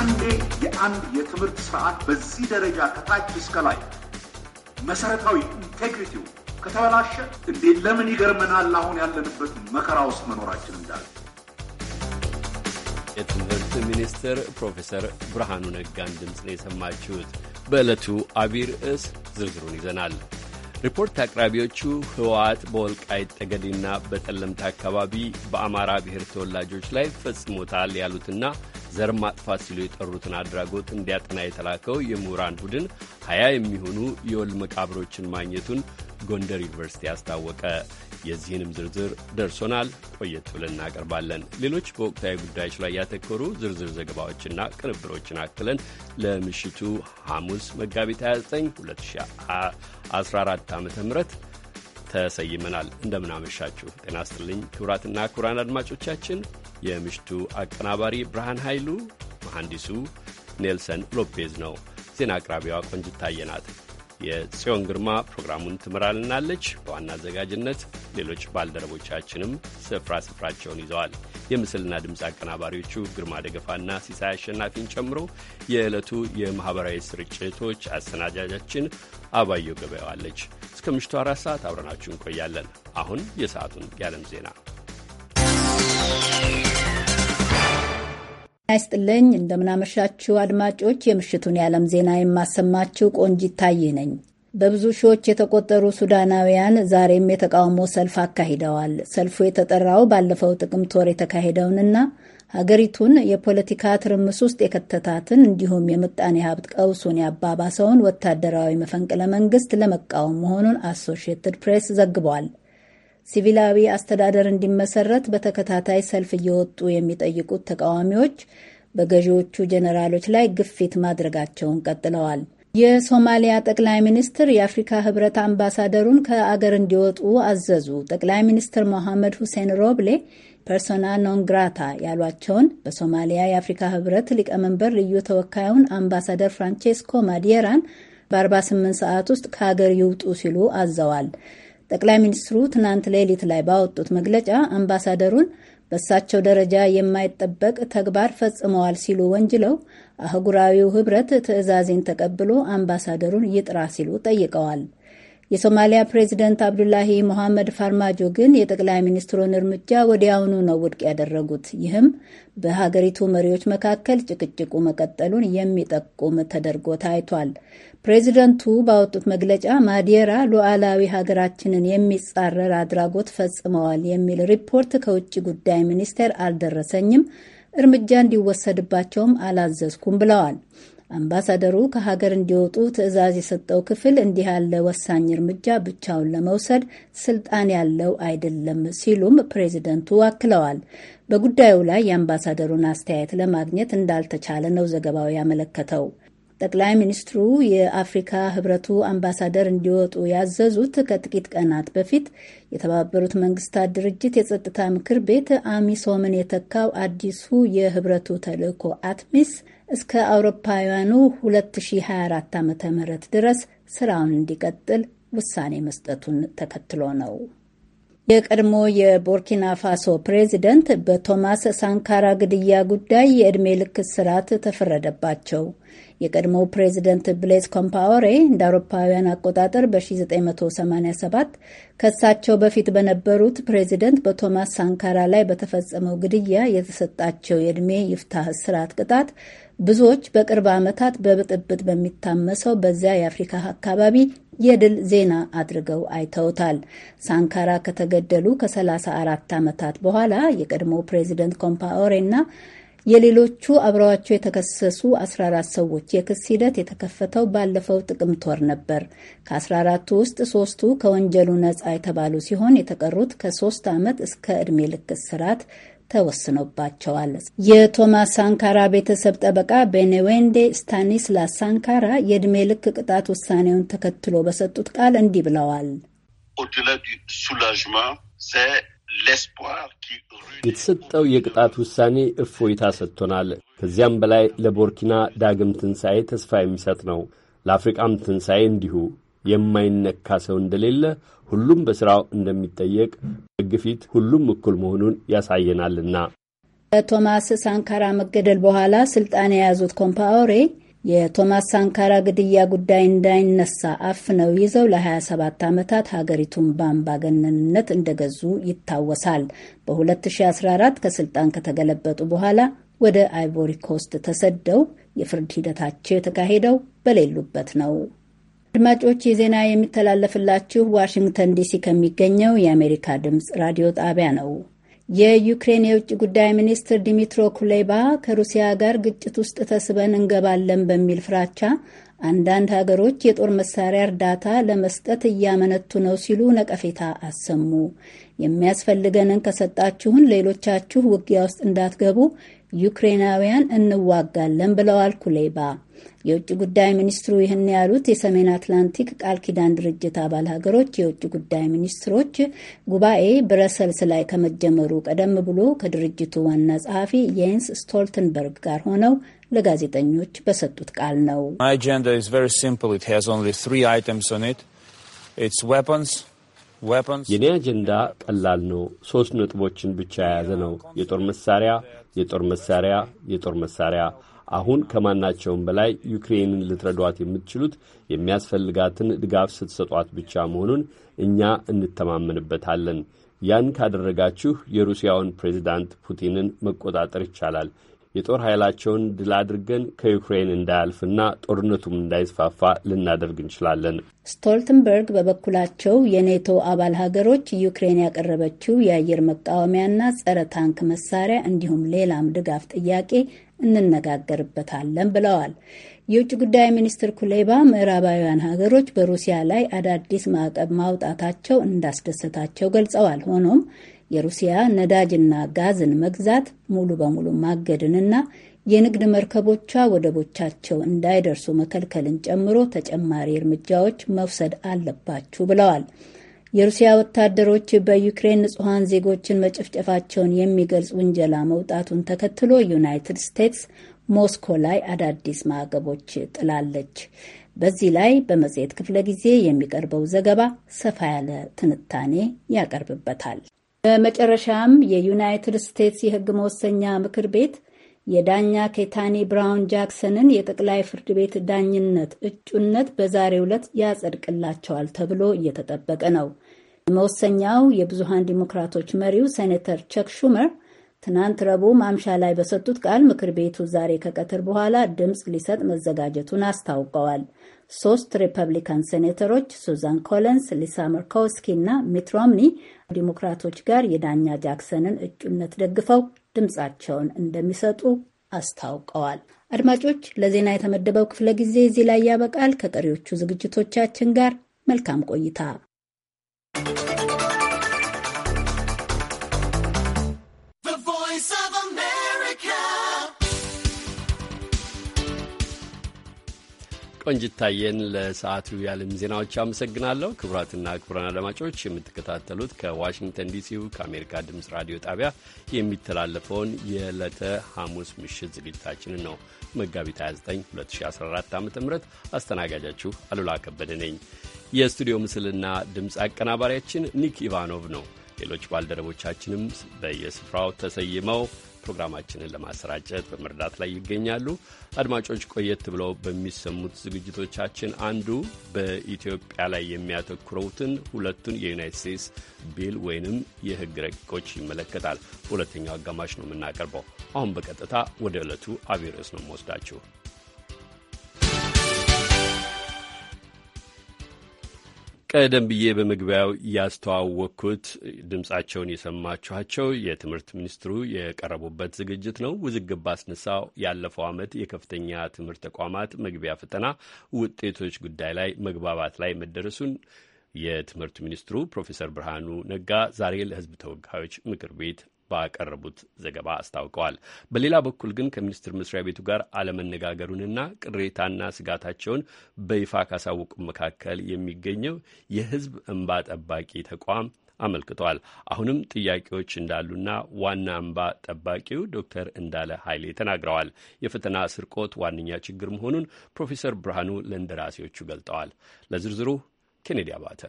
አንዴ የአንድ የትምህርት ስርዓት በዚህ ደረጃ ከታች እስከ ላይ መሰረታዊ ኢንቴግሪቲው ከተበላሸ እንዴ ለምን ይገርመናል አሁን ያለንበት መከራ ውስጥ መኖራችን እንዳለ። የትምህርት ሚኒስትር ፕሮፌሰር ብርሃኑ ነጋን ድምፅ ነው የሰማችሁት። በዕለቱ አቢይ ርዕስ ዝርዝሩን ይዘናል። ሪፖርት አቅራቢዎቹ ህወሓት በወልቃይት ጠገዴና በጠለምት አካባቢ በአማራ ብሔር ተወላጆች ላይ ፈጽሞታል ያሉትና ዘር ማጥፋት ሲሉ የጠሩትን አድራጎት እንዲያጠና የተላከው የምሁራን ቡድን ሀያ የሚሆኑ የወል መቃብሮችን ማግኘቱን ጎንደር ዩኒቨርሲቲ አስታወቀ። የዚህንም ዝርዝር ደርሶናል፣ ቆየት ብለን እናቀርባለን። ሌሎች በወቅታዊ ጉዳዮች ላይ ያተኮሩ ዝርዝር ዘገባዎችና ቅንብሮችን አክለን ለምሽቱ ሐሙስ መጋቢት 29 2014 ዓ ም ተሰይመናል። እንደምናመሻችሁ ጤና ስጥልኝ ክቡራትና ክቡራን አድማጮቻችን የምሽቱ አቀናባሪ ብርሃን ኃይሉ፣ መሐንዲሱ ኔልሰን ሎፔዝ ነው። ዜና አቅራቢዋ ቆንጅት ታየ የጽዮን ግርማ ፕሮግራሙን ትመራልናለች። በዋና አዘጋጅነት ሌሎች ባልደረቦቻችንም ስፍራ ስፍራቸውን ይዘዋል። የምስልና ድምፅ አቀናባሪዎቹ ግርማ ደገፋና ሲሳይ አሸናፊን ጨምሮ የዕለቱ የማኅበራዊ ስርጭቶች አሰናጃጃችን አባየው ገበያዋለች። እስከ ምሽቱ አራት ሰዓት አብረናችሁ እንቆያለን። አሁን የሰዓቱን የዓለም ዜና አይስጥልኝ እንደምናመሻችው አድማጮች፣ የምሽቱን የዓለም ዜና የማሰማችው ቆንጂት ታዬ ነኝ። በብዙ ሺዎች የተቆጠሩ ሱዳናውያን ዛሬም የተቃውሞ ሰልፍ አካሂደዋል። ሰልፉ የተጠራው ባለፈው ጥቅምት ወር የተካሄደውንና ሀገሪቱን የፖለቲካ ትርምስ ውስጥ የከተታትን እንዲሁም የምጣኔ ሀብት ቀውሱን ያባባሰውን ወታደራዊ መፈንቅለ መንግስት ለመቃወም መሆኑን አሶሺየትድ ፕሬስ ዘግቧል። ሲቪላዊ አስተዳደር እንዲመሰረት በተከታታይ ሰልፍ እየወጡ የሚጠይቁት ተቃዋሚዎች በገዢዎቹ ጀኔራሎች ላይ ግፊት ማድረጋቸውን ቀጥለዋል። የሶማሊያ ጠቅላይ ሚኒስትር የአፍሪካ ህብረት አምባሳደሩን ከአገር እንዲወጡ አዘዙ። ጠቅላይ ሚኒስትር ሞሐመድ ሁሴን ሮብሌ ፐርሶና ኖን ግራታ ያሏቸውን በሶማሊያ የአፍሪካ ህብረት ሊቀመንበር ልዩ ተወካዩን አምባሳደር ፍራንቼስኮ ማዲየራን በ48 ሰዓት ውስጥ ከአገር ይውጡ ሲሉ አዘዋል። ጠቅላይ ሚኒስትሩ ትናንት ሌሊት ላይ ባወጡት መግለጫ አምባሳደሩን በእሳቸው ደረጃ የማይጠበቅ ተግባር ፈጽመዋል ሲሉ ወንጅለው አህጉራዊው ህብረት ትዕዛዜን ተቀብሎ አምባሳደሩን ይጥራ ሲሉ ጠይቀዋል። የሶማሊያ ፕሬዚደንት አብዱላሂ ሞሐመድ ፋርማጆ ግን የጠቅላይ ሚኒስትሩን እርምጃ ወዲያውኑ ነው ውድቅ ያደረጉት። ይህም በሀገሪቱ መሪዎች መካከል ጭቅጭቁ መቀጠሉን የሚጠቁም ተደርጎ ታይቷል። ፕሬዚደንቱ ባወጡት መግለጫ ማዲየራ ሉዓላዊ ሀገራችንን የሚጻረር አድራጎት ፈጽመዋል የሚል ሪፖርት ከውጭ ጉዳይ ሚኒስቴር አልደረሰኝም፣ እርምጃ እንዲወሰድባቸውም አላዘዝኩም ብለዋል። አምባሳደሩ ከሀገር እንዲወጡ ትዕዛዝ የሰጠው ክፍል እንዲህ ያለ ወሳኝ እርምጃ ብቻውን ለመውሰድ ስልጣን ያለው አይደለም ሲሉም ፕሬዚደንቱ አክለዋል። በጉዳዩ ላይ የአምባሳደሩን አስተያየት ለማግኘት እንዳልተቻለ ነው ዘገባው ያመለከተው። ጠቅላይ ሚኒስትሩ የአፍሪካ ህብረቱ አምባሳደር እንዲወጡ ያዘዙት ከጥቂት ቀናት በፊት የተባበሩት መንግስታት ድርጅት የጸጥታ ምክር ቤት አሚሶምን የተካው አዲሱ የህብረቱ ተልዕኮ አትሚስ እስከ አውሮፓውያኑ 2024 ዓ ም ድረስ ስራውን እንዲቀጥል ውሳኔ መስጠቱን ተከትሎ ነው። የቀድሞ የቦርኪና ፋሶ ፕሬዚደንት በቶማስ ሳንካራ ግድያ ጉዳይ የዕድሜ ልክ እስራት ተፈረደባቸው። የቀድሞ ፕሬዚደንት ብሌዝ ኮምፓወሬ እንደ አውሮፓውያን አቆጣጠር በ1987 ከሳቸው በፊት በነበሩት ፕሬዚደንት በቶማስ ሳንካራ ላይ በተፈጸመው ግድያ የተሰጣቸው የዕድሜ ይፍታህ እስራት ቅጣት ብዙዎች በቅርብ ዓመታት በብጥብጥ በሚታመሰው በዚያ የአፍሪካ አካባቢ የድል ዜና አድርገው አይተውታል። ሳንካራ ከተገደሉ ከ34 ዓመታት በኋላ የቀድሞ ፕሬዚደንት ኮምፓኦሬ እና የሌሎቹ አብረዋቸው የተከሰሱ 14 ሰዎች የክስ ሂደት የተከፈተው ባለፈው ጥቅምት ወር ነበር። ከ14ቱ ውስጥ ሶስቱ ከወንጀሉ ነጻ የተባሉ ሲሆን የተቀሩት ከሶስት ዓመት እስከ ዕድሜ ልክ እስራት ተወስኖባቸዋል። የቶማስ ሳንካራ ቤተሰብ ጠበቃ ቤኔዌንዴ ስታኒስላስ ሳንካራ የእድሜ ልክ ቅጣት ውሳኔውን ተከትሎ በሰጡት ቃል እንዲህ ብለዋል። የተሰጠው የቅጣት ውሳኔ እፎይታ ሰጥቶናል። ከዚያም በላይ ለቦርኪና ዳግም ትንሣኤ ተስፋ የሚሰጥ ነው። ለአፍሪቃም ትንሣኤ እንዲሁ የማይነካ ሰው እንደሌለ ሁሉም በሥራው እንደሚጠየቅ ግፊት ሁሉም እኩል መሆኑን ያሳየናልና። ከቶማስ ሳንካራ መገደል በኋላ ስልጣን የያዙት ኮምፓወሬ የቶማስ ሳንካራ ግድያ ጉዳይ እንዳይነሳ አፍነው ይዘው ለ27 ዓመታት ሀገሪቱን በአምባገነንነት እንደገዙ ይታወሳል። በ2014 ከስልጣን ከተገለበጡ በኋላ ወደ አይቮሪ ኮስት ተሰደው የፍርድ ሂደታቸው የተካሄደው በሌሉበት ነው። አድማጮች የዜና የሚተላለፍላችሁ ዋሽንግተን ዲሲ ከሚገኘው የአሜሪካ ድምፅ ራዲዮ ጣቢያ ነው። የዩክሬን የውጭ ጉዳይ ሚኒስትር ዲሚትሮ ኩሌባ ከሩሲያ ጋር ግጭት ውስጥ ተስበን እንገባለን በሚል ፍራቻ አንዳንድ ሀገሮች የጦር መሳሪያ እርዳታ ለመስጠት እያመነቱ ነው ሲሉ ነቀፌታ አሰሙ። የሚያስፈልገንን ከሰጣችሁን ሌሎቻችሁ ውጊያ ውስጥ እንዳትገቡ ዩክሬናውያን እንዋጋለን ብለዋል ኩሌባ። የውጭ ጉዳይ ሚኒስትሩ ይህን ያሉት የሰሜን አትላንቲክ ቃል ኪዳን ድርጅት አባል ሀገሮች የውጭ ጉዳይ ሚኒስትሮች ጉባኤ ብረሰልስ ላይ ከመጀመሩ ቀደም ብሎ ከድርጅቱ ዋና ጸሐፊ የንስ ስቶልተንበርግ ጋር ሆነው ለጋዜጠኞች በሰጡት ቃል ነው። የኔ አጀንዳ ቀላል ነው። ሶስት ነጥቦችን ብቻ የያዘ ነው። የጦር መሳሪያ፣ የጦር መሳሪያ፣ የጦር መሳሪያ አሁን ከማናቸውም በላይ ዩክሬንን ልትረዷት የምትችሉት የሚያስፈልጋትን ድጋፍ ስትሰጧት ብቻ መሆኑን እኛ እንተማመንበታለን። ያን ካደረጋችሁ የሩሲያውን ፕሬዚዳንት ፑቲንን መቆጣጠር ይቻላል። የጦር ኃይላቸውን ድል አድርገን ከዩክሬን እንዳያልፍና ጦርነቱም እንዳይስፋፋ ልናደርግ እንችላለን። ስቶልትንበርግ በበኩላቸው የኔቶ አባል ሀገሮች ዩክሬን ያቀረበችው የአየር መቃወሚያና ጸረ ታንክ መሳሪያ እንዲሁም ሌላም ድጋፍ ጥያቄ እንነጋገርበታለን ብለዋል። የውጭ ጉዳይ ሚኒስትር ኩሌባ ምዕራባውያን ሀገሮች በሩሲያ ላይ አዳዲስ ማዕቀብ ማውጣታቸው እንዳስደሰታቸው ገልጸዋል። ሆኖም የሩሲያ ነዳጅና ጋዝን መግዛት ሙሉ በሙሉ ማገድንና የንግድ መርከቦቿ ወደቦቻቸው እንዳይደርሱ መከልከልን ጨምሮ ተጨማሪ እርምጃዎች መውሰድ አለባችሁ ብለዋል። የሩሲያ ወታደሮች በዩክሬን ንጹሐን ዜጎችን መጨፍጨፋቸውን የሚገልጽ ውንጀላ መውጣቱን ተከትሎ ዩናይትድ ስቴትስ ሞስኮ ላይ አዳዲስ ማዕቀቦች ጥላለች። በዚህ ላይ በመጽሔት ክፍለ ጊዜ የሚቀርበው ዘገባ ሰፋ ያለ ትንታኔ ያቀርብበታል። በመጨረሻም የዩናይትድ ስቴትስ የሕግ መወሰኛ ምክር ቤት የዳኛ ኬታኒ ብራውን ጃክሰንን የጠቅላይ ፍርድ ቤት ዳኝነት እጩነት በዛሬው ዕለት ያጸድቅላቸዋል ተብሎ እየተጠበቀ ነው። የመወሰኛው የብዙሃን ዲሞክራቶች መሪው ሴኔተር ቸክ ሹመር ትናንት ረቡዕ ማምሻ ላይ በሰጡት ቃል ምክር ቤቱ ዛሬ ከቀትር በኋላ ድምፅ ሊሰጥ መዘጋጀቱን አስታውቀዋል። ሶስት ሪፐብሊካን ሴኔተሮች ሱዛን ኮለንስ፣ ሊሳ መርኮውስኪ እና ሚት ሮምኒ ዲሞክራቶች ጋር የዳኛ ጃክሰንን እጩነት ደግፈው ድምፃቸውን እንደሚሰጡ አስታውቀዋል። አድማጮች፣ ለዜና የተመደበው ክፍለ ጊዜ እዚህ ላይ ያበቃል። ከቀሪዎቹ ዝግጅቶቻችን ጋር መልካም ቆይታ Thank you. ቆንጅታየን ለሰዓቱ የዓለም ዜናዎች አመሰግናለሁ። ክቡራትና ክቡራን አድማጮች የምትከታተሉት ከዋሽንግተን ዲሲው ከአሜሪካ ድምፅ ራዲዮ ጣቢያ የሚተላለፈውን የዕለተ ሐሙስ ምሽት ዝግጅታችንን ነው። መጋቢት 29 2014 ዓ ም አስተናጋጃችሁ አሉላ ከበደ ነኝ። የስቱዲዮ ምስልና ድምፅ አቀናባሪያችን ኒክ ኢቫኖቭ ነው። ሌሎች ባልደረቦቻችንም በየስፍራው ተሰይመው ፕሮግራማችንን ለማሰራጨት በመርዳት ላይ ይገኛሉ። አድማጮች፣ ቆየት ብለው በሚሰሙት ዝግጅቶቻችን አንዱ በኢትዮጵያ ላይ የሚያተኩረውትን ሁለቱን የዩናይትድ ስቴትስ ቢል ወይንም የሕግ ረቂቆች ይመለከታል። ሁለተኛው አጋማሽ ነው የምናቀርበው። አሁን በቀጥታ ወደ ዕለቱ አብይ ርዕስ ነው መወስዳችሁ። ቀደም ብዬ በመግቢያው ያስተዋወቅኩት ድምፃቸውን የሰማችኋቸው የትምህርት ሚኒስትሩ የቀረቡበት ዝግጅት ነው። ውዝግብ ባስነሳው ያለፈው ዓመት የከፍተኛ ትምህርት ተቋማት መግቢያ ፈተና ውጤቶች ጉዳይ ላይ መግባባት ላይ መደረሱን የትምህርት ሚኒስትሩ ፕሮፌሰር ብርሃኑ ነጋ ዛሬ ለሕዝብ ተወካዮች ምክር ቤት ባቀረቡት ዘገባ አስታውቀዋል። በሌላ በኩል ግን ከሚኒስቴር መስሪያ ቤቱ ጋር አለመነጋገሩንና ቅሬታና ስጋታቸውን በይፋ ካሳወቁ መካከል የሚገኘው የሕዝብ እንባ ጠባቂ ተቋም አመልክቷል። አሁንም ጥያቄዎች እንዳሉና ዋና እንባ ጠባቂው ዶክተር እንዳለ ኃይሌ ተናግረዋል። የፈተና ስርቆት ዋነኛ ችግር መሆኑን ፕሮፌሰር ብርሃኑ ለእንደራሴዎቹ ገልጠዋል። ለዝርዝሩ ኬኔዲ አባተ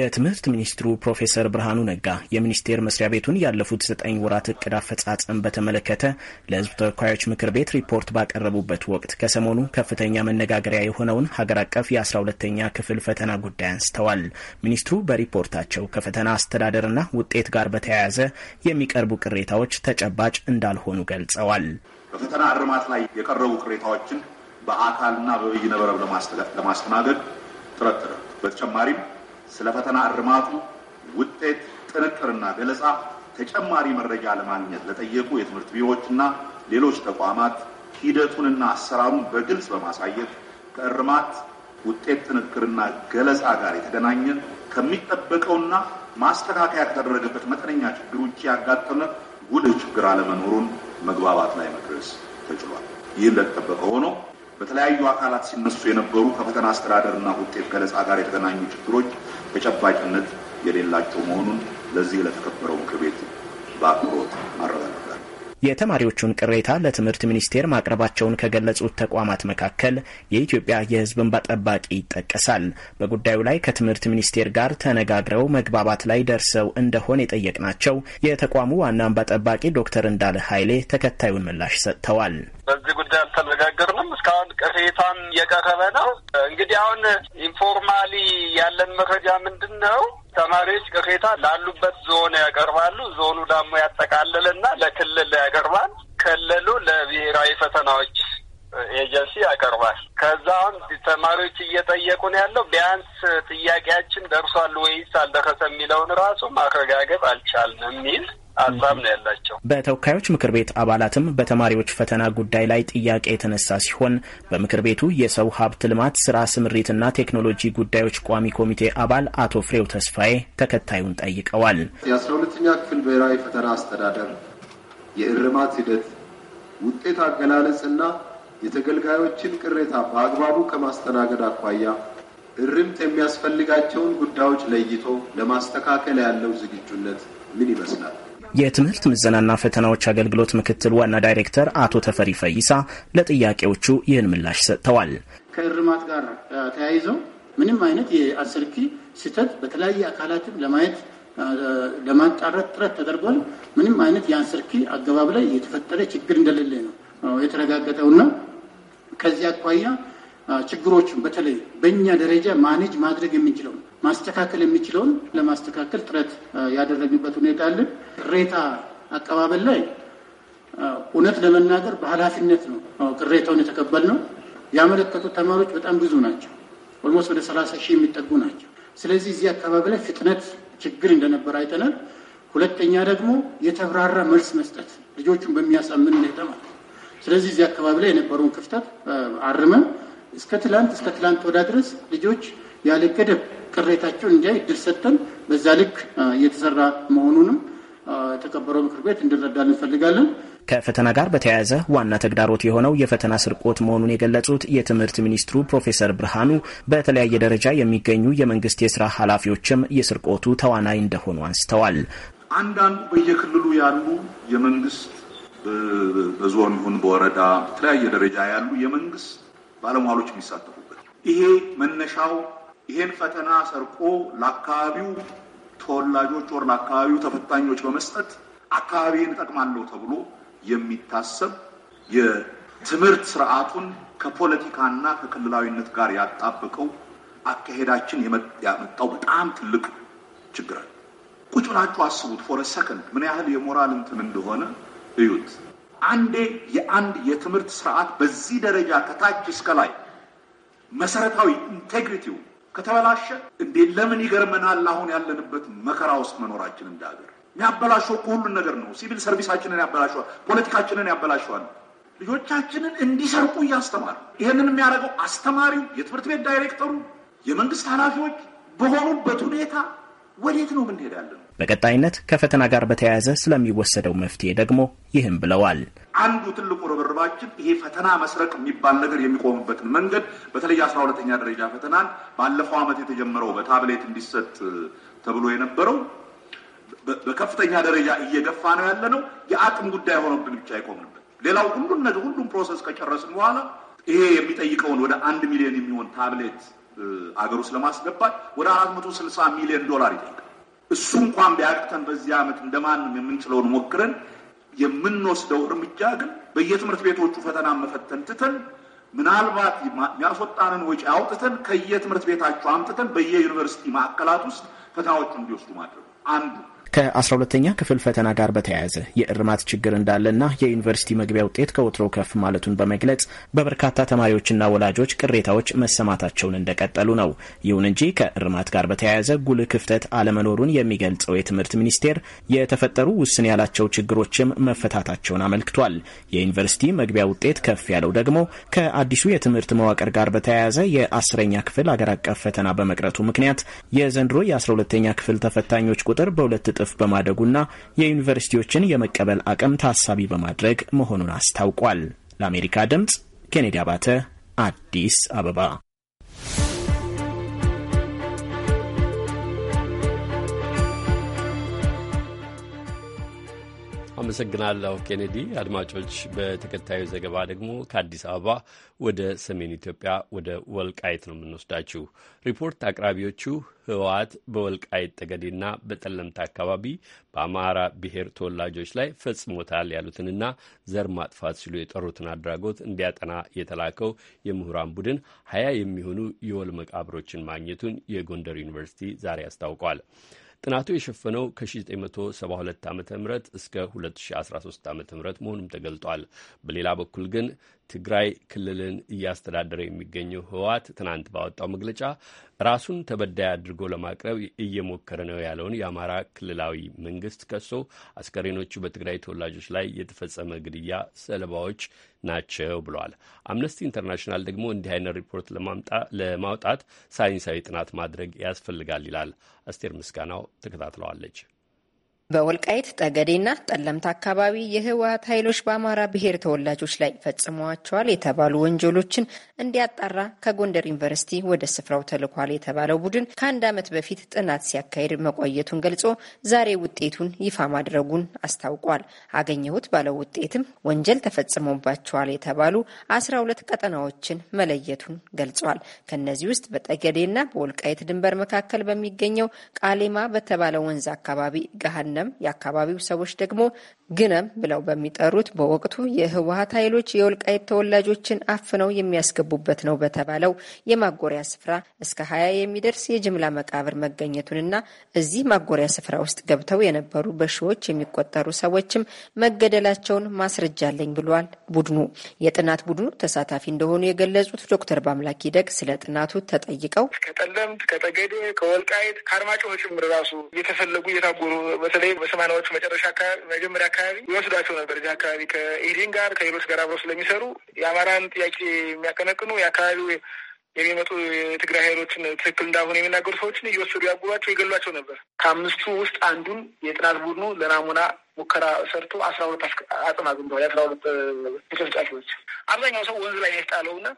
የትምህርት ሚኒስትሩ ፕሮፌሰር ብርሃኑ ነጋ የሚኒስቴር መስሪያ ቤቱን ያለፉት ዘጠኝ ወራት እቅድ አፈጻጸም በተመለከተ ለሕዝብ ተወካዮች ምክር ቤት ሪፖርት ባቀረቡበት ወቅት ከሰሞኑ ከፍተኛ መነጋገሪያ የሆነውን ሀገር አቀፍ የ12ተኛ ክፍል ፈተና ጉዳይ አንስተዋል። ሚኒስትሩ በሪፖርታቸው ከፈተና አስተዳደርና ውጤት ጋር በተያያዘ የሚቀርቡ ቅሬታዎች ተጨባጭ እንዳልሆኑ ገልጸዋል። በፈተና እርማት ላይ የቀረቡ ቅሬታዎችን በአካልና በበይነ መረብ ለማስተናገድ ጥረት ተደርጓል። በተጨማሪም ስለ ፈተና እርማቱ ውጤት ጥንቅርና ገለጻ ተጨማሪ መረጃ ለማግኘት ለጠየቁ የትምህርት ቢሮዎችና ሌሎች ተቋማት ሂደቱንና አሰራሩን በግልጽ በማሳየት ከእርማት ውጤት ጥንቅርና ገለጻ ጋር የተገናኘ ከሚጠበቀውና ማስተካከያ ከተደረገበት መጠነኛ ችግር ውጭ ያጋጠመ ጉልህ ችግር አለመኖሩን መግባባት ላይ መድረስ ተችሏል። ይህ እንደተጠበቀ ሆኖ በተለያዩ አካላት ሲነሱ የነበሩ ከፈተና አስተዳደርና ውጤት ገለጻ ጋር የተገናኙ ችግሮች ተጨባጭነት የሌላቸው መሆኑን ለዚህ ለተከበረው ምክር ቤት በአክብሮት አረጋግጣል። የተማሪዎቹን ቅሬታ ለትምህርት ሚኒስቴር ማቅረባቸውን ከገለጹት ተቋማት መካከል የኢትዮጵያ የሕዝብ እንባ ጠባቂ ይጠቀሳል። በጉዳዩ ላይ ከትምህርት ሚኒስቴር ጋር ተነጋግረው መግባባት ላይ ደርሰው እንደሆነ የጠየቅናቸው የተቋሙ ዋና እንባ ጠባቂ ዶክተር እንዳለ ኃይሌ ተከታዩን ምላሽ ሰጥተዋል። በዚህ ጉዳይ አልተነጋገርንም። እስካሁን ቅሬታን እየቀረበ ነው። እንግዲህ አሁን ኢንፎርማሊ ያለን መረጃ ምንድን ነው? ተማሪዎች ቅሬታ ላሉበት ዞን ያቀርባሉ። ዞኑ ደግሞ ያጠቃልልና ለክልል ያቀርባል። ክልሉ ለብሔራዊ ፈተናዎች ኤጀንሲ ያቀርባል። ከዛም ተማሪዎች እየጠየቁ ነው ያለው። ቢያንስ ጥያቄያችን ደርሷል ወይስ አልደረሰ የሚለውን ራሱ ማረጋገጥ አልቻልንም የሚል ሀሳብ ነው ያላቸው። በተወካዮች ምክር ቤት አባላትም በተማሪዎች ፈተና ጉዳይ ላይ ጥያቄ የተነሳ ሲሆን በምክር ቤቱ የሰው ሀብት ልማት ስራ ስምሪትና ቴክኖሎጂ ጉዳዮች ቋሚ ኮሚቴ አባል አቶ ፍሬው ተስፋዬ ተከታዩን ጠይቀዋል። የአስራ ሁለተኛ ክፍል ብሔራዊ ፈተና አስተዳደር የእርማት ሂደት ውጤት አገላለጽና የተገልጋዮችን ቅሬታ በአግባቡ ከማስተናገድ አኳያ እርምት የሚያስፈልጋቸውን ጉዳዮች ለይቶ ለማስተካከል ያለው ዝግጁነት ምን ይመስላል? የትምህርት ምዘናና ፈተናዎች አገልግሎት ምክትል ዋና ዳይሬክተር አቶ ተፈሪ ፈይሳ ለጥያቄዎቹ ይህን ምላሽ ሰጥተዋል። ከእርማት ጋር ተያይዘው ምንም አይነት የአስርኪ ስህተት በተለያየ አካላትም ለማየት ለማጣረት ጥረት ተደርጓል። ምንም አይነት የአንስርኪ አገባብ ላይ የተፈጠረ ችግር እንደሌለ ነው የተረጋገጠውና ከዚህ አኳያ ችግሮቹን በተለይ በእኛ ደረጃ ማኔጅ ማድረግ የሚችለውን ማስተካከል የሚችለውን ለማስተካከል ጥረት ያደረግንበት ሁኔታ አለን። ቅሬታ አቀባበል ላይ እውነት ለመናገር በኃላፊነት ነው ቅሬታውን የተቀበልነው። ያመለከቱት ተማሪዎች በጣም ብዙ ናቸው። ኦልሞስት ወደ ሰላሳ ሺህ የሚጠጉ ናቸው። ስለዚህ እዚህ አካባቢ ላይ ፍጥነት ችግር እንደነበር አይተናል። ሁለተኛ ደግሞ የተብራራ መልስ መስጠት ልጆቹን በሚያሳምን ሁኔታ ማለት ስለዚህ እዚህ አካባቢ ላይ የነበረውን ክፍተት አርመን እስከ ትላንት እስከ ትላንት ወዳ ድረስ ልጆች ያለ ገደብ ቅሬታቸውን እንዲያይ እድል ሰጥተን በዛ ልክ እየተሰራ መሆኑንም የተከበረው ምክር ቤት እንድረዳል እንፈልጋለን። ከፈተና ጋር በተያያዘ ዋና ተግዳሮት የሆነው የፈተና ስርቆት መሆኑን የገለጹት የትምህርት ሚኒስትሩ ፕሮፌሰር ብርሃኑ በተለያየ ደረጃ የሚገኙ የመንግስት የስራ ኃላፊዎችም የስርቆቱ ተዋናይ እንደሆኑ አንስተዋል። አንዳንዱ በየክልሉ ያሉ የመንግስት በዞን ይሁን በወረዳ በተለያየ ደረጃ ያሉ የመንግስት ባለሟሎች የሚሳተፉበት ይሄ መነሻው ይሄን ፈተና ሰርቆ ለአካባቢው ተወላጆች ወር ለአካባቢው ተፈታኞች በመስጠት አካባቢን እጠቅማለሁ ተብሎ የሚታሰብ የትምህርት ስርዓቱን ከፖለቲካና ከክልላዊነት ጋር ያጣበቀው አካሄዳችን ያመጣው በጣም ትልቅ ችግር አለ። ቁጭ ብላችሁ አስቡት ፎረ ሰከንድ ምን ያህል የሞራል እንትን እንደሆነ እዩት። አንዴ የአንድ የትምህርት ስርዓት በዚህ ደረጃ ከታች እስከ ላይ መሰረታዊ ኢንቴግሪቲው ከተበላሸ እንዴ ለምን ይገርመናል? አሁን ያለንበት መከራ ውስጥ መኖራችን እንደ ሀገር የሚያበላሸው ሁሉን ነገር ነው። ሲቪል ሰርቪሳችንን ያበላሸዋል፣ ፖለቲካችንን ያበላሸዋል። ልጆቻችንን እንዲሰርቁ እያስተማር ይህንን የሚያደርገው አስተማሪው፣ የትምህርት ቤት ዳይሬክተሩ፣ የመንግስት ኃላፊዎች በሆኑበት ሁኔታ ወዴት ነው ምንሄዳለን? በቀጣይነት ከፈተና ጋር በተያያዘ ስለሚወሰደው መፍትሄ ደግሞ ይህም ብለዋል። አንዱ ትልቁ ርብርባችን ይሄ ፈተና መስረቅ የሚባል ነገር የሚቆምበትን መንገድ በተለይ አስራ ሁለተኛ ደረጃ ፈተናን ባለፈው ዓመት የተጀመረው በታብሌት እንዲሰጥ ተብሎ የነበረው በከፍተኛ ደረጃ እየገፋ ነው ያለ ነው። የአቅም ጉዳይ ሆኖብን ብቻ አይቆምንበት። ሌላው ሁሉም ነገር ሁሉም ፕሮሰስ ከጨረስን በኋላ ይሄ የሚጠይቀውን ወደ አንድ ሚሊዮን የሚሆን ታብሌት አገር ውስጥ ለማስገባት ወደ አራት መቶ ስልሳ ሚሊዮን ዶላር ይጠይቃል። እሱ እንኳን ቢያቅተን በዚህ ዓመት እንደማንም የምንችለውን ሞክረን የምንወስደው እርምጃ ግን በየትምህርት ቤቶቹ ፈተና መፈተን ትተን ምናልባት የሚያስወጣንን ወጪ አውጥተን ከየትምህርት ቤታቸው አምጥተን በየዩኒቨርሲቲ ማዕከላት ውስጥ ፈተናዎቹ እንዲወስዱ ማድረጉ አንዱ ከ12ተኛ ክፍል ፈተና ጋር በተያያዘ የእርማት ችግር እንዳለና የዩኒቨርሲቲ መግቢያ ውጤት ከወትሮ ከፍ ማለቱን በመግለጽ በበርካታ ተማሪዎችና ወላጆች ቅሬታዎች መሰማታቸውን እንደቀጠሉ ነው። ይሁን እንጂ ከእርማት ጋር በተያያዘ ጉልህ ክፍተት አለመኖሩን የሚገልጸው የትምህርት ሚኒስቴር የተፈጠሩ ውስን ያላቸው ችግሮችም መፈታታቸውን አመልክቷል። የዩኒቨርሲቲ መግቢያ ውጤት ከፍ ያለው ደግሞ ከአዲሱ የትምህርት መዋቅር ጋር በተያያዘ የአስረኛ ክፍል አገር አቀፍ ፈተና በመቅረቱ ምክንያት የዘንድሮ የ12ተኛ ክፍል ተፈታኞች ቁጥር በሁለት እጥፍ እጥፍ በማደጉና የዩኒቨርሲቲዎችን የመቀበል አቅም ታሳቢ በማድረግ መሆኑን አስታውቋል። ለአሜሪካ ድምጽ ኬኔዲ አባተ አዲስ አበባ አመሰግናለሁ ኬኔዲ። አድማጮች፣ በተከታዩ ዘገባ ደግሞ ከአዲስ አበባ ወደ ሰሜን ኢትዮጵያ ወደ ወልቃይት ነው የምንወስዳችሁ። ሪፖርት አቅራቢዎቹ ህወሓት በወልቃይት ጠገዴና በጠለምት አካባቢ በአማራ ብሔር ተወላጆች ላይ ፈጽሞታል ያሉትንና ዘር ማጥፋት ሲሉ የጠሩትን አድራጎት እንዲያጠና የተላከው የምሁራን ቡድን ሀያ የሚሆኑ የወል መቃብሮችን ማግኘቱን የጎንደር ዩኒቨርሲቲ ዛሬ አስታውቋል። ጥናቱ የሸፈነው ከ1972 ዓ ም እስከ 2013 ዓ ም መሆኑም ተገልጧል። በሌላ በኩል ግን ትግራይ ክልልን እያስተዳደረ የሚገኘው ህወሓት ትናንት ባወጣው መግለጫ ራሱን ተበዳይ አድርጎ ለማቅረብ እየሞከረ ነው ያለውን የአማራ ክልላዊ መንግስት ከሶ አስከሬኖቹ በትግራይ ተወላጆች ላይ የተፈጸመ ግድያ ሰለባዎች ናቸው ብለዋል። አምነስቲ ኢንተርናሽናል ደግሞ እንዲህ አይነት ሪፖርት ለማውጣት ሳይንሳዊ ጥናት ማድረግ ያስፈልጋል ይላል። አስቴር ምስጋናው ተከታትለዋለች። በወልቃይት ጠገዴና ጠለምት አካባቢ የህወሀት ኃይሎች በአማራ ብሔር ተወላጆች ላይ ፈጽመዋቸዋል የተባሉ ወንጀሎችን እንዲያጣራ ከጎንደር ዩኒቨርሲቲ ወደ ስፍራው ተልኳል የተባለው ቡድን ከአንድ ዓመት በፊት ጥናት ሲያካሄድ መቆየቱን ገልጾ ዛሬ ውጤቱን ይፋ ማድረጉን አስታውቋል። አገኘሁት ባለው ውጤትም ወንጀል ተፈጽሞባቸዋል የተባሉ አስራ ሁለት ቀጠናዎችን መለየቱን ገልጿል። ከእነዚህ ውስጥ በጠገዴና በወልቃይት ድንበር መካከል በሚገኘው ቃሌማ በተባለ ወንዝ አካባቢ ገሃድ ገሃነም የአካባቢው ሰዎች ደግሞ ግነም ብለው በሚጠሩት በወቅቱ የህወሀት ኃይሎች የወልቃይት ተወላጆችን አፍነው የሚያስገቡበት ነው በተባለው የማጎሪያ ስፍራ እስከ ሀያ የሚደርስ የጅምላ መቃብር መገኘቱንና እዚህ ማጎሪያ ስፍራ ውስጥ ገብተው የነበሩ በሺዎች የሚቆጠሩ ሰዎችም መገደላቸውን ማስረጃ አለኝ ብሏል ቡድኑ። የጥናት ቡድኑ ተሳታፊ እንደሆኑ የገለጹት ዶክተር ባምላክ ሂደግ ስለ ጥናቱ ተጠይቀው ከጠለምት፣ ከጠገዴ፣ ከወልቃይት፣ ከአርማጭሆ ጭምር ራሱ እየተፈለጉ እየታጎሩ በተለይ በሰማንያዎቹ መጨረሻ መጀመሪያ አካባቢ ይወስዷቸው ነበር። እዚህ አካባቢ ከኢህዴን ጋር ከሌሎች ጋር አብረው ስለሚሰሩ የአማራን ጥያቄ የሚያቀነቅኑ የአካባቢው የሚመጡ የትግራይ ኃይሎችን ትክክል እንዳልሆነ የሚናገሩ ሰዎችን እየወሰዱ ያጉሯቸው፣ ይገሏቸው ነበር። ከአምስቱ ውስጥ አንዱን የጥናት ቡድኑ ለናሙና ሙከራ ሰርቶ አስራ ሁለት አጽም አግኝተዋል። የአስራ ሁለት ተጨፍጫፊዎች አብዛኛው ሰው ወንዝ ላይ ነው የተጣለው እና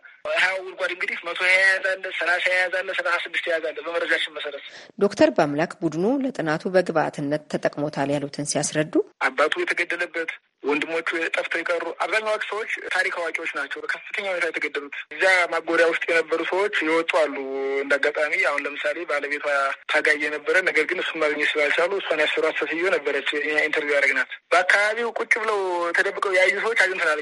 ሀያ ጉድጓድ እንግዲህ መቶ ያዛለ፣ ሰላሳ ያዛለ፣ ሰላሳ ስድስት ያዛለ በመረጃችን መሰረት ዶክተር በአምላክ ቡድኑ ለጥናቱ በግብአትነት ተጠቅሞታል ያሉትን ሲያስረዱ አባቱ የተገደለበት ወንድሞቹ ጠፍተው የቀሩ አብዛኛዎቹ ሰዎች ታሪክ አዋቂዎች ናቸው። በከፍተኛ ሁኔታ የተገደሉት እዚያ ማጎሪያ ውስጥ የነበሩ ሰዎች የወጡ አሉ። እንደ አጋጣሚ አሁን ለምሳሌ ባለቤቷ ታጋይ የነበረ ነገር ግን እሱን ማግኘት ስላልቻሉ እሷን ያሰሯት ሴትዮ ነበረች ኢንተርቪው ያደረግናት። በአካባቢው ቁጭ ብለው ተደብቀው ያዩ ሰዎች አግኝተናል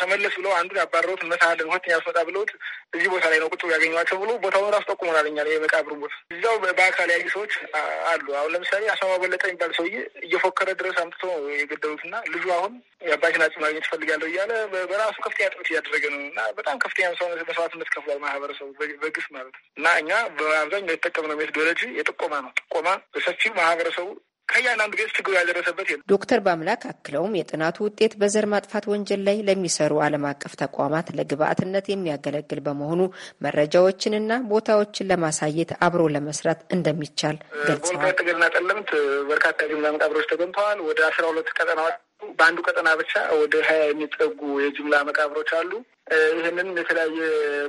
ተመለስ ብለው አንዱን አባረውት እነሳለን ሁለተኛ ስመጣ ብለውት እዚህ ቦታ ላይ ነው ቁጭ ብለው ያገኘኋቸው ብሎ ቦታውን ራሱ ጠቁመናል እኛ የመቃብሩን ቦታ። እዛው በአካል ያዩ ሰዎች አሉ። አሁን ለምሳሌ አሰማ በለጠ የሚባል ሰውዬ እየፎከረ ድረስ አምጥቶ እና ልጁ አሁን የአባቴን አጽም ማግኘት እፈልጋለሁ እያለ በራሱ ከፍተኛ ጥረት እያደረገ ነው እና በጣም ከፍተኛ ሰው መስዋዕትነት ከፍሏል ማህበረሰቡ በግፍ ማለት ነው እና እኛ በአብዛኛው የተጠቀምነው ሜቶዶሎጂ የጥቆማ ነው። ጥቆማ በሰፊው ማህበረሰቡ ከእያንዳንዱ ቤት ችግሩ ያልደረሰበት የለም። ዶክተር ባምላክ አክለውም የጥናቱ ውጤት በዘር ማጥፋት ወንጀል ላይ ለሚሰሩ ዓለም አቀፍ ተቋማት ለግብአትነት የሚያገለግል በመሆኑ መረጃዎችንና ቦታዎችን ለማሳየት አብሮ ለመስራት እንደሚቻል ገልጸዋል። ወልቃይት ጠገዴና ጠለምት በርካታ የጅምላ መቃብሮች ተገኝተዋል። ወደ አስራ ሁለት ቀጠናዎች በአንዱ ቀጠና ብቻ ወደ ሀያ የሚጠጉ የጅምላ መቃብሮች አሉ። ይህንን የተለያየ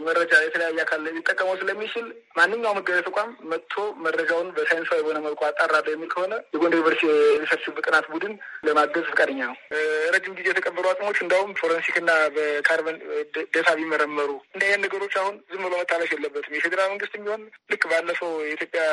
መረጃ የተለያየ አካል ሊጠቀመው ስለሚችል ማንኛውም ሕጋዊ ተቋም መጥቶ መረጃውን በሳይንሳዊ በሆነ መልኩ አጣራለሁ የሚል ከሆነ የጎንደር ዩኒቨርሲቲ ሪሰርች ጥናት ቡድን ለማገዝ ፈቃደኛ ነው። ረጅም ጊዜ የተቀበሩ አቅሞች እንዳውም ፎረንሲክና በካርበን ደሳ ቢመረመሩ እንደ አይነት ነገሮች አሁን ዝም ብሎ መታለፍ የለበትም። የፌዴራል መንግስት ቢሆን ልክ ባለፈው የኢትዮጵያ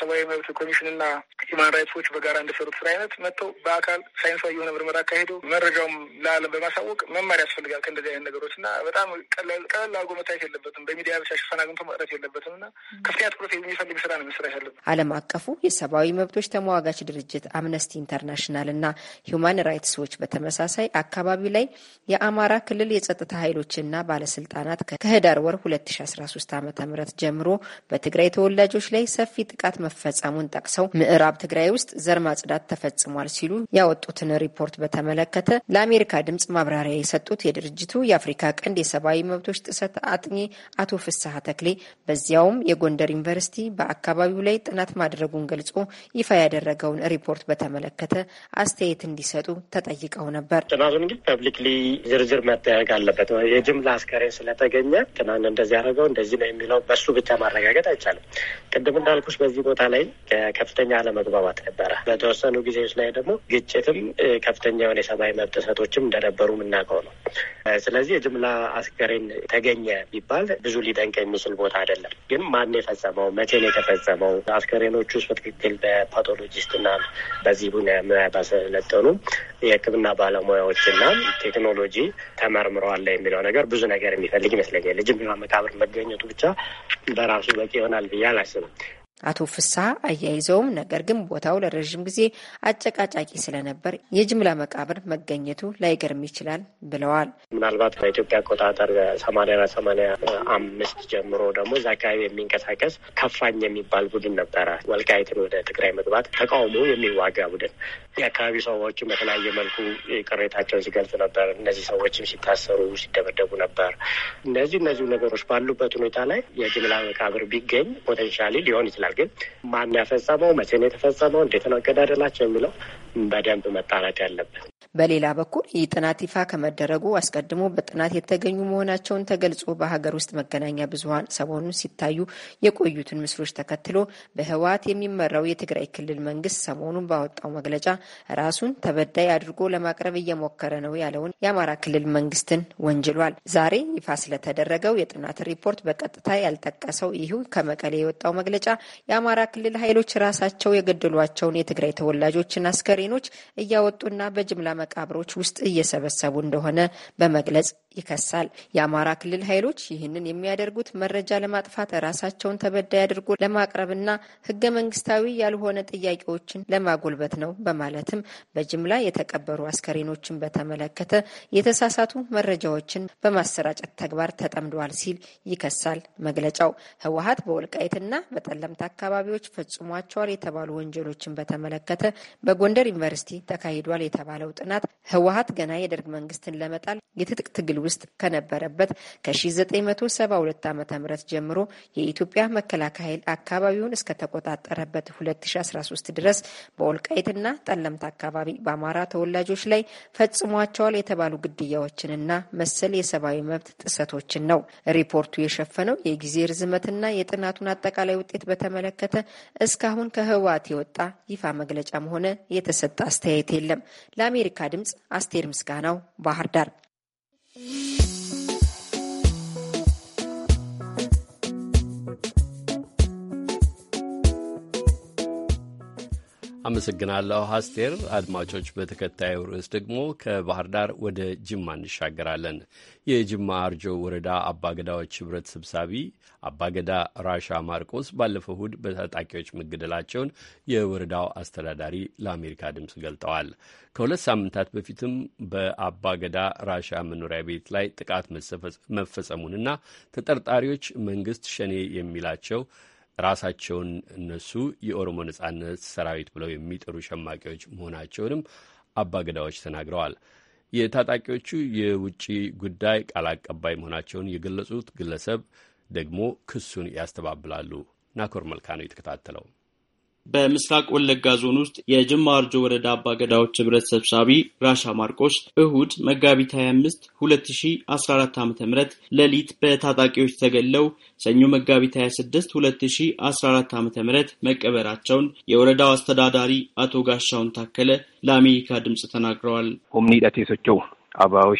ሰብአዊ መብት ኮሚሽንና ሂማን ራይትስ ዎች በጋራ እንደሰሩት ስራ አይነት መጥተው በአካል ሳይንሳዊ የሆነ ምርመራ አካሄደው መረጃውም ለዓለም በማሳወቅ መማር ያስፈልጋል ከእንደዚህ አይነት ነገሮች እና በጣም ቀላል አድርጎ መታየት የለበትም። በሚዲያ ብቻ ሽፋን አግኝቶ መቅረት የለበትም እና ከፍተኛ ትኩረት የሚፈልግ ስራ ነው መሰራት ያለበት። ዓለም አቀፉ የሰብአዊ መብቶች ተሟጋች ድርጅት አምነስቲ ኢንተርናሽናል እና ሂውማን ራይትስ ዎች በተመሳሳይ አካባቢ ላይ የአማራ ክልል የጸጥታ ኃይሎችና ባለስልጣናት ከህዳር ወር 2013 ዓ ም ጀምሮ በትግራይ ተወላጆች ላይ ሰፊ ጥቃት መፈጸሙን ጠቅሰው ምዕራብ ትግራይ ውስጥ ዘር ማጽዳት ተፈጽሟል ሲሉ ያወጡትን ሪፖርት በተመለከተ ለአሜሪካ ድምጽ ማብራሪያ የሰጡት የድርጅቱ የአፍሪካ ቀንድ የሰብአዊ መብቶች ጥሰት አጥኚ አቶ ፍስሐ ተክሌ በዚያውም የጎንደር ዩኒቨርሲቲ በአካባቢው ላይ ጥናት ማድረጉን ገልጾ ይፋ ያደረገውን ሪፖርት በተመለከተ አስተያየት እንዲሰጡ ተጠይቀው ነበር። ጥናቱን እንግዲህ ፐብሊክሊ ዝርዝር መጠየቅ አለበት። የጅምላ አስከሬን ስለተገኘ ጥናን እንደዚህ ያደረገው እንደዚህ ነው የሚለው በሱ ብቻ ማረጋገጥ አይቻልም። ቅድም እንዳልኩሽ በዚህ ቦታ ላይ ከፍተኛ አለመግባባት ነበረ። በተወሰኑ ጊዜዎች ላይ ደግሞ ግጭትም ከፍተኛ የሆነ የሰብአዊ መብት ጥሰቶችም እንደነበሩ የምናውቀው ነው። ስለዚህ የጅምላ አስከሬን ተገኘ ቢባል ብዙ ሊደንቅ የሚችል ቦታ አይደለም። ግን ማን የፈጸመው፣ መቼ ነው የተፈጸመው፣ ውስጥ በትክክል በፓቶሎጂስትና በዚህ ቡና ሙያ ባሰለጠኑ የሕክምና ባለሙያዎችና ቴክኖሎጂ ተመርምረዋል የሚለው ነገር ብዙ ነገር የሚፈልግ ይመስለኛል። ልጅ መቃብር መገኘቱ ብቻ በራሱ በቂ ይሆናል ብዬ አላስብም። አቶ ፍስሐ አያይዘውም ነገር ግን ቦታው ለረዥም ጊዜ አጨቃጫቂ ስለነበር የጅምላ መቃብር መገኘቱ ላይገርም ይችላል ብለዋል። ምናልባት በኢትዮጵያ አቆጣጠር ሰማንያ አራት ሰማንያ አምስት ጀምሮ ደግሞ እዛ አካባቢ የሚንቀሳቀስ ከፋኝ የሚባል ቡድን ነበረ። ወልቃይትን ወደ ትግራይ መግባት ተቃውሞ የሚዋጋ ቡድን የአካባቢው ሰዎችም በተለያየ መልኩ ቅሬታቸውን ሲገልጽ ነበር። እነዚህ ሰዎችም ሲታሰሩ፣ ሲደበደቡ ነበር። እነዚህ እነዚህ ነገሮች ባሉበት ሁኔታ ላይ የጅምላ መቃብር ቢገኝ ፖቴንሻሊ ሊሆን ይችላል ይሆናል። ግን ማን ያፈጸመው፣ መቼ ነው የተፈጸመው፣ እንዴት ነው እቅድ የሚለው በደንብ መጣራት ያለበት በሌላ በኩል ይህ ጥናት ይፋ ከመደረጉ አስቀድሞ በጥናት የተገኙ መሆናቸውን ተገልጾ በሀገር ውስጥ መገናኛ ብዙኃን ሰሞኑን ሲታዩ የቆዩትን ምስሎች ተከትሎ በህወሓት የሚመራው የትግራይ ክልል መንግስት ሰሞኑን ባወጣው መግለጫ ራሱን ተበዳይ አድርጎ ለማቅረብ እየሞከረ ነው ያለውን የአማራ ክልል መንግስትን ወንጅሏል። ዛሬ ይፋ ስለተደረገው የጥናት ሪፖርት በቀጥታ ያልጠቀሰው ይህ ከመቀሌ የወጣው መግለጫ የአማራ ክልል ኃይሎች ራሳቸው የገደሏቸውን የትግራይ ተወላጆችን አስከሬኖች እያወጡና በጅምላ መቃብሮች ውስጥ እየሰበሰቡ እንደሆነ በመግለጽ ይከሳል። የአማራ ክልል ኃይሎች ይህንን የሚያደርጉት መረጃ ለማጥፋት ራሳቸውን ተበዳይ አድርጎ ለማቅረብና ህገ መንግስታዊ ያልሆነ ጥያቄዎችን ለማጎልበት ነው በማለትም በጅምላ የተቀበሩ አስከሬኖችን በተመለከተ የተሳሳቱ መረጃዎችን በማሰራጨት ተግባር ተጠምደዋል ሲል ይከሳል መግለጫው። ህወሀት በወልቃይትና በጠለምት አካባቢዎች ፈጽሟቸዋል የተባሉ ወንጀሎችን በተመለከተ በጎንደር ዩኒቨርሲቲ ተካሂዷል የተባለው ጥናት ህወሀት ገና የደርግ መንግስትን ለመጣል የትጥቅ ትግል ውስጥ ከነበረበት ከ1972 ዓ ም ጀምሮ የኢትዮጵያ መከላከያ ኃይል አካባቢውን እስከተቆጣጠረበት 2013 ድረስ በወልቃይትና ጠለምት አካባቢ በአማራ ተወላጆች ላይ ፈጽሟቸዋል የተባሉ ግድያዎችንና መሰል የሰብአዊ መብት ጥሰቶችን ነው። ሪፖርቱ የሸፈነው የጊዜ ርዝመትና የጥናቱን አጠቃላይ ውጤት በተመለከተ እስካሁን ከህወሓት የወጣ ይፋ መግለጫም ሆነ የተሰጠ አስተያየት የለም። ለአሜሪካ ድምጽ አስቴር ምስጋናው ባህር ዳር Mm-hmm. አመሰግናለሁ አስቴር። አድማጮች በተከታዩ ርዕስ ደግሞ ከባህር ዳር ወደ ጅማ እንሻገራለን። የጅማ አርጆ ወረዳ አባገዳዎች ህብረት ሰብሳቢ አባገዳ ራሻ ማርቆስ ባለፈው እሁድ በታጣቂዎች መገደላቸውን የወረዳው አስተዳዳሪ ለአሜሪካ ድምፅ ገልጠዋል። ከሁለት ሳምንታት በፊትም በአባገዳ ራሻ መኖሪያ ቤት ላይ ጥቃት መፈጸሙንና ተጠርጣሪዎች መንግስት ሸኔ የሚላቸው ራሳቸውን እነሱ የኦሮሞ ነጻነት ሰራዊት ብለው የሚጠሩ ሸማቂዎች መሆናቸውንም አባገዳዎች ተናግረዋል። የታጣቂዎቹ የውጭ ጉዳይ ቃል አቀባይ መሆናቸውን የገለጹት ግለሰብ ደግሞ ክሱን ያስተባብላሉ። ናኮር መልካ ነው የተከታተለው። በምስራቅ ወለጋ ዞን ውስጥ የጅማ አርጆ ወረዳ አባገዳዎች ህብረት ሰብሳቢ ራሻ ማርቆስ እሁድ መጋቢት 25 2014 ዓ ም ሌሊት በታጣቂዎች ተገለው ሰኞ መጋቢት 26 2014 ዓ ም መቀበራቸውን የወረዳው አስተዳዳሪ አቶ ጋሻውን ታከለ ለአሜሪካ ድምፅ ተናግረዋል። ኦምኒ አባው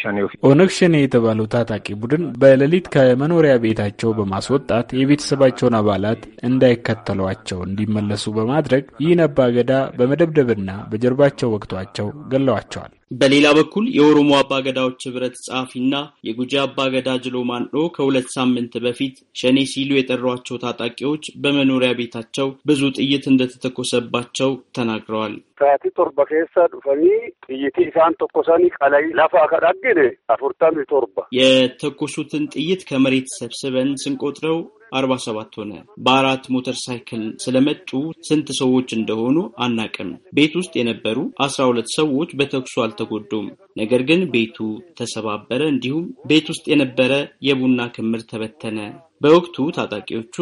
ኦነግ ሸኔ የተባለው ታጣቂ ቡድን በሌሊት ከመኖሪያ ቤታቸው በማስወጣት የቤተሰባቸውን አባላት እንዳይከተሏቸው እንዲመለሱ በማድረግ ይህን አባገዳ በመደብደብና በጀርባቸው ወቅቷቸው ገለዋቸዋል። በሌላ በኩል የኦሮሞ አባገዳዎች ህብረት ጸሐፊና የጉጂ አባገዳ ጅሎ ማንዶ ከሁለት ሳምንት በፊት ሸኔ ሲሉ የጠሯቸው ታጣቂዎች በመኖሪያ ቤታቸው ብዙ ጥይት እንደተተኮሰባቸው ተናግረዋል። ሰዓቲ ቶርባ ኬሳ ዱፈኒ ጥይት ኢሳን ተኮሰኒ ቀለይ ላፋ ከዳግን አፉርታሚ ቶርባ የተኮሱትን ጥይት ከመሬት ሰብስበን ስንቆጥረው 47 ሆነ። በአራት ሞተር ሳይክል ስለመጡ ስንት ሰዎች እንደሆኑ አናቅም። ቤት ውስጥ የነበሩ አስራ ሰዎች በተኩሱ አልተጎዱም። ነገር ግን ቤቱ ተሰባበረ፣ እንዲሁም ቤት ውስጥ የነበረ የቡና ክምር ተበተነ። በወቅቱ ታጣቂዎቹ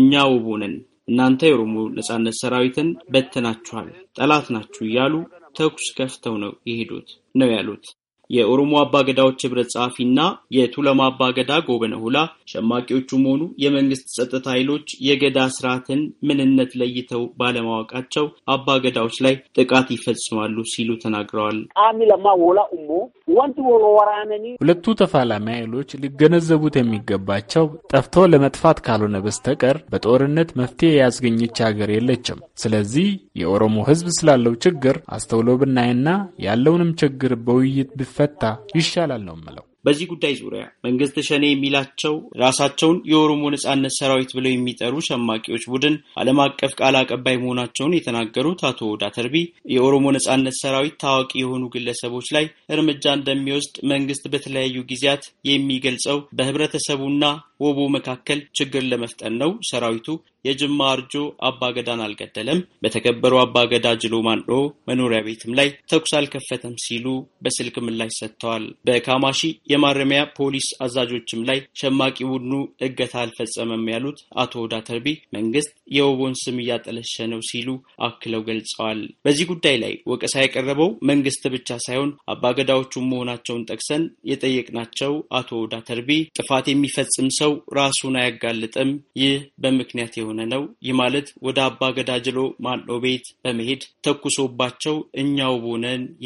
እኛ ውቡ ነን፣ እናንተ የኦሮሞ ነጻነት ሰራዊትን በትናችኋል፣ ጠላት ናችሁ እያሉ ተኩስ ከፍተው ነው የሄዱት ነው ያሉት። የኦሮሞ አባገዳዎች ህብረት ጸሐፊና የቱለማ አባገዳ ጎበነ ሁላ ሸማቂዎቹ መሆኑ የመንግስት ጸጥታ ኃይሎች የገዳ ስርዓትን ምንነት ለይተው ባለማወቃቸው አባገዳዎች ላይ ጥቃት ይፈጽማሉ ሲሉ ተናግረዋል። ሁለቱ ተፋላሚ ኃይሎች ሊገነዘቡት የሚገባቸው ጠፍቶ ለመጥፋት ካልሆነ በስተቀር በጦርነት መፍትሄ ያስገኘች ሀገር የለችም። ስለዚህ የኦሮሞ ህዝብ ስላለው ችግር አስተውሎ ብናይና ያለውንም ችግር በውይይት ብፍ ቢፈታ ይሻላል ነው የምለው። በዚህ ጉዳይ ዙሪያ መንግስት ሸኔ የሚላቸው ራሳቸውን የኦሮሞ ነጻነት ሰራዊት ብለው የሚጠሩ ሸማቂዎች ቡድን ዓለም አቀፍ ቃል አቀባይ መሆናቸውን የተናገሩት አቶ ዳተርቢ ተርቢ የኦሮሞ ነጻነት ሰራዊት ታዋቂ የሆኑ ግለሰቦች ላይ እርምጃ እንደሚወስድ መንግስት በተለያዩ ጊዜያት የሚገልጸው በህብረተሰቡና ወቦ መካከል ችግር ለመፍጠን ነው። ሰራዊቱ የጅማ አርጆ አባገዳን አልገደለም፣ በተከበሩ አባገዳ ጅሎ ማንዶ መኖሪያ ቤትም ላይ ተኩስ አልከፈተም ሲሉ በስልክ ምላሽ ሰጥተዋል። በካማሺ የማረሚያ ፖሊስ አዛዦችም ላይ ሸማቂ ቡድኑ እገታ አልፈጸመም ያሉት አቶ ወዳ ተርቢ መንግስት የወቦን ስም እያጠለሸ ነው ሲሉ አክለው ገልጸዋል። በዚህ ጉዳይ ላይ ወቀሳ የቀረበው መንግስት ብቻ ሳይሆን አባገዳዎቹ መሆናቸውን ጠቅሰን የጠየቅናቸው አቶ ወዳ ተርቢ ጥፋት የሚፈጽም ሰው ሰው ራሱን አያጋልጥም። ይህ በምክንያት የሆነ ነው። ይህ ማለት ወደ አባ ገዳጅሎ ማሎ ቤት በመሄድ ተኩሶባቸው እኛ ውቦ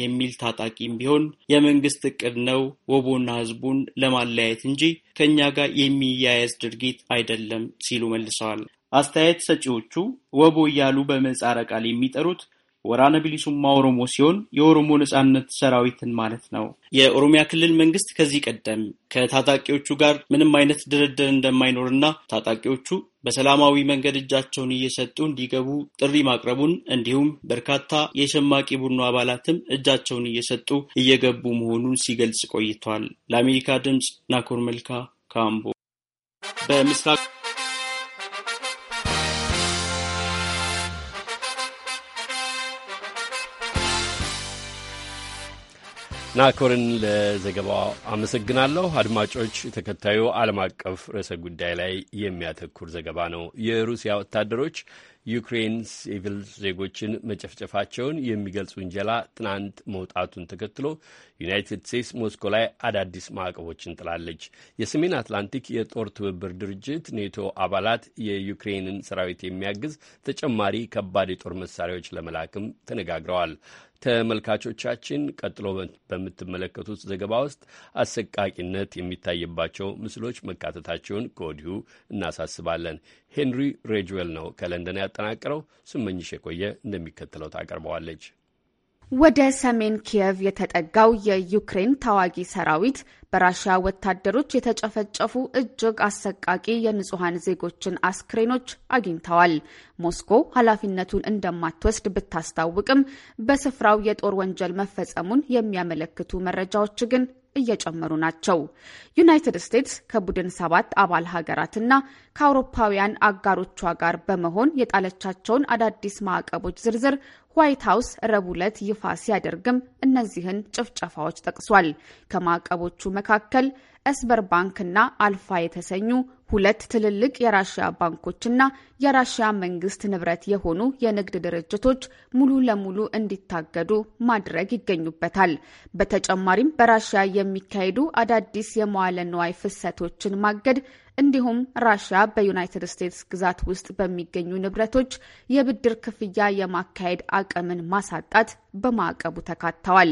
የሚል ታጣቂም ቢሆን የመንግስት እቅድ ነው ወቦና ህዝቡን ለማለያየት እንጂ ከእኛ ጋር የሚያያዝ ድርጊት አይደለም ሲሉ መልሰዋል። አስተያየት ሰጪዎቹ ወቦ እያሉ በምህጻረ ቃል የሚጠሩት ወራነ ቢሊሱማ ኦሮሞ ሲሆን የኦሮሞ ነጻነት ሰራዊትን ማለት ነው። የኦሮሚያ ክልል መንግስት ከዚህ ቀደም ከታጣቂዎቹ ጋር ምንም አይነት ድርድር እንደማይኖርና ታጣቂዎቹ በሰላማዊ መንገድ እጃቸውን እየሰጡ እንዲገቡ ጥሪ ማቅረቡን እንዲሁም በርካታ የሸማቂ ቡድኑ አባላትም እጃቸውን እየሰጡ እየገቡ መሆኑን ሲገልጽ ቆይቷል። ለአሜሪካ ድምፅ ናኮር መልካ ካምቦ በምስራቅ ናኮርን ለዘገባው አመሰግናለሁ። አድማጮች፣ ተከታዩ ዓለም አቀፍ ርዕሰ ጉዳይ ላይ የሚያተኩር ዘገባ ነው። የሩሲያ ወታደሮች ዩክሬን ሲቪል ዜጎችን መጨፍጨፋቸውን የሚገልጽ ውንጀላ ትናንት መውጣቱን ተከትሎ ዩናይትድ ስቴትስ ሞስኮ ላይ አዳዲስ ማዕቀቦችን ጥላለች። የሰሜን አትላንቲክ የጦር ትብብር ድርጅት ኔቶ አባላት የዩክሬንን ሰራዊት የሚያግዝ ተጨማሪ ከባድ የጦር መሳሪያዎች ለመላክም ተነጋግረዋል። ተመልካቾቻችን ቀጥሎ በምትመለከቱት ዘገባ ውስጥ አሰቃቂነት የሚታይባቸው ምስሎች መካተታቸውን ከወዲሁ እናሳስባለን። ሄንሪ ሬጅዌል ነው ከለንደን ያጠናቀረው። ስመኝሽ የቆየ እንደሚከተለው ታቀርበዋለች። ወደ ሰሜን ኪየቭ የተጠጋው የዩክሬን ታዋጊ ሰራዊት በራሽያ ወታደሮች የተጨፈጨፉ እጅግ አሰቃቂ የንጹሐን ዜጎችን አስክሬኖች አግኝተዋል። ሞስኮ ኃላፊነቱን እንደማትወስድ ብታስታውቅም በስፍራው የጦር ወንጀል መፈጸሙን የሚያመለክቱ መረጃዎች ግን እየጨመሩ ናቸው። ዩናይትድ ስቴትስ ከቡድን ሰባት አባል ሀገራትና ከአውሮፓውያን አጋሮቿ ጋር በመሆን የጣለቻቸውን አዳዲስ ማዕቀቦች ዝርዝር ዋይት ሀውስ ረቡዕ ዕለት ይፋ ሲያደርግም እነዚህን ጭፍጨፋዎች ጠቅሷል። ከማዕቀቦቹ መካከል ኤስበር ባንክና አልፋ የተሰኙ ሁለት ትልልቅ የራሽያ ባንኮችና የራሽያ መንግስት ንብረት የሆኑ የንግድ ድርጅቶች ሙሉ ለሙሉ እንዲታገዱ ማድረግ ይገኙበታል። በተጨማሪም በራሽያ የሚካሄዱ አዳዲስ የመዋለ ንዋይ ፍሰቶችን ማገድ እንዲሁም ራሽያ በዩናይትድ ስቴትስ ግዛት ውስጥ በሚገኙ ንብረቶች የብድር ክፍያ የማካሄድ አቅምን ማሳጣት በማዕቀቡ ተካተዋል።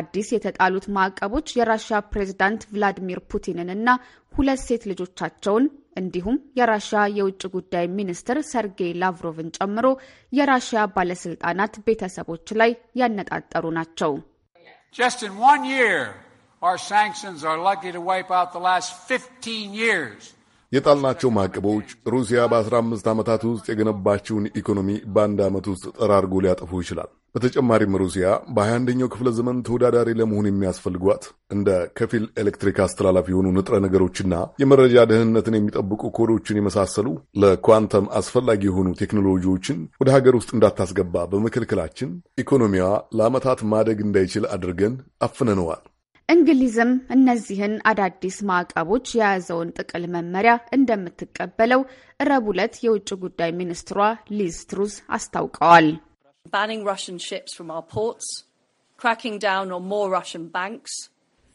አዲስ የተጣሉት ማዕቀቦች የራሽያ ፕሬዝዳንት ቭላዲሚር ፑቲንን እና ሁለት ሴት ልጆቻቸውን እንዲሁም የራሽያ የውጭ ጉዳይ ሚኒስትር ሰርጌይ ላቭሮቭን ጨምሮ የራሽያ ባለስልጣናት ቤተሰቦች ላይ ያነጣጠሩ ናቸው። Just in one year, our sanctions are likely to wipe out the last 15 የጣልናቸው ማዕቀቦች ሩሲያ በ15 ዓመታት ውስጥ የገነባችውን ኢኮኖሚ በአንድ ዓመት ውስጥ ጠራርጎ ሊያጠፉ ይችላል። በተጨማሪም ሩሲያ በ21ኛው ክፍለ ዘመን ተወዳዳሪ ለመሆን የሚያስፈልጓት እንደ ከፊል ኤሌክትሪክ አስተላላፊ የሆኑ ንጥረ ነገሮችና የመረጃ ደህንነትን የሚጠብቁ ኮዶችን የመሳሰሉ ለኳንተም አስፈላጊ የሆኑ ቴክኖሎጂዎችን ወደ ሀገር ውስጥ እንዳታስገባ በመከልከላችን ኢኮኖሚዋ ለዓመታት ማደግ እንዳይችል አድርገን አፍነነዋል። እንግሊዝም እነዚህን አዳዲስ ማዕቀቦች የያዘውን ጥቅል መመሪያ እንደምትቀበለው ረቡዕ ዕለት የውጭ ጉዳይ ሚኒስትሯ ሊዝ ትሩዝ አስታውቀዋል።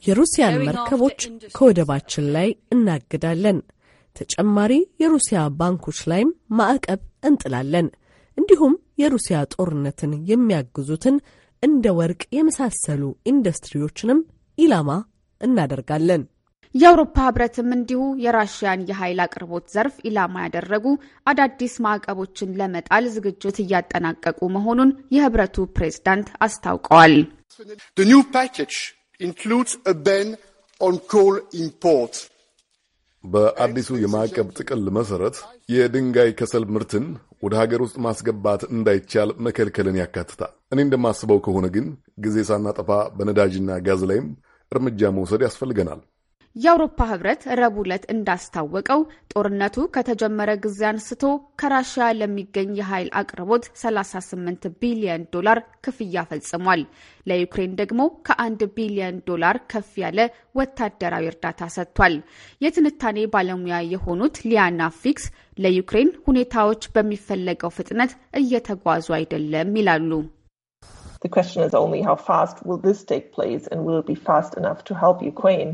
የሩሲያን መርከቦች ከወደባችን ላይ እናግዳለን። ተጨማሪ የሩሲያ ባንኮች ላይም ማዕቀብ እንጥላለን። እንዲሁም የሩሲያ ጦርነትን የሚያግዙትን እንደ ወርቅ የመሳሰሉ ኢንዱስትሪዎችንም ኢላማ እናደርጋለን። የአውሮፓ ህብረትም እንዲሁ የራሽያን የኃይል አቅርቦት ዘርፍ ኢላማ ያደረጉ አዳዲስ ማዕቀቦችን ለመጣል ዝግጅት እያጠናቀቁ መሆኑን የህብረቱ ፕሬዝዳንት አስታውቀዋል። The new package includes a ban on coal imports. በአዲሱ የማዕቀብ ጥቅል መሠረት የድንጋይ ከሰል ምርትን ወደ ሀገር ውስጥ ማስገባት እንዳይቻል መከልከልን ያካትታል። እኔ እንደማስበው ከሆነ ግን ጊዜ ሳናጠፋ በነዳጅና ጋዝ ላይም እርምጃ መውሰድ ያስፈልገናል። የአውሮፓ ህብረት ረቡዕ ዕለት እንዳስታወቀው ጦርነቱ ከተጀመረ ጊዜ አንስቶ ከራሽያ ለሚገኝ የኃይል አቅርቦት 38 ቢሊዮን ዶላር ክፍያ ፈጽሟል። ለዩክሬን ደግሞ ከ ከ1 ቢሊዮን ዶላር ከፍ ያለ ወታደራዊ እርዳታ ሰጥቷል። የትንታኔ ባለሙያ የሆኑት ሊያና ፊክስ ለዩክሬን ሁኔታዎች በሚፈለገው ፍጥነት እየተጓዙ አይደለም ይላሉ። The question is only how fast will this take place and will it be fast enough to help Ukraine?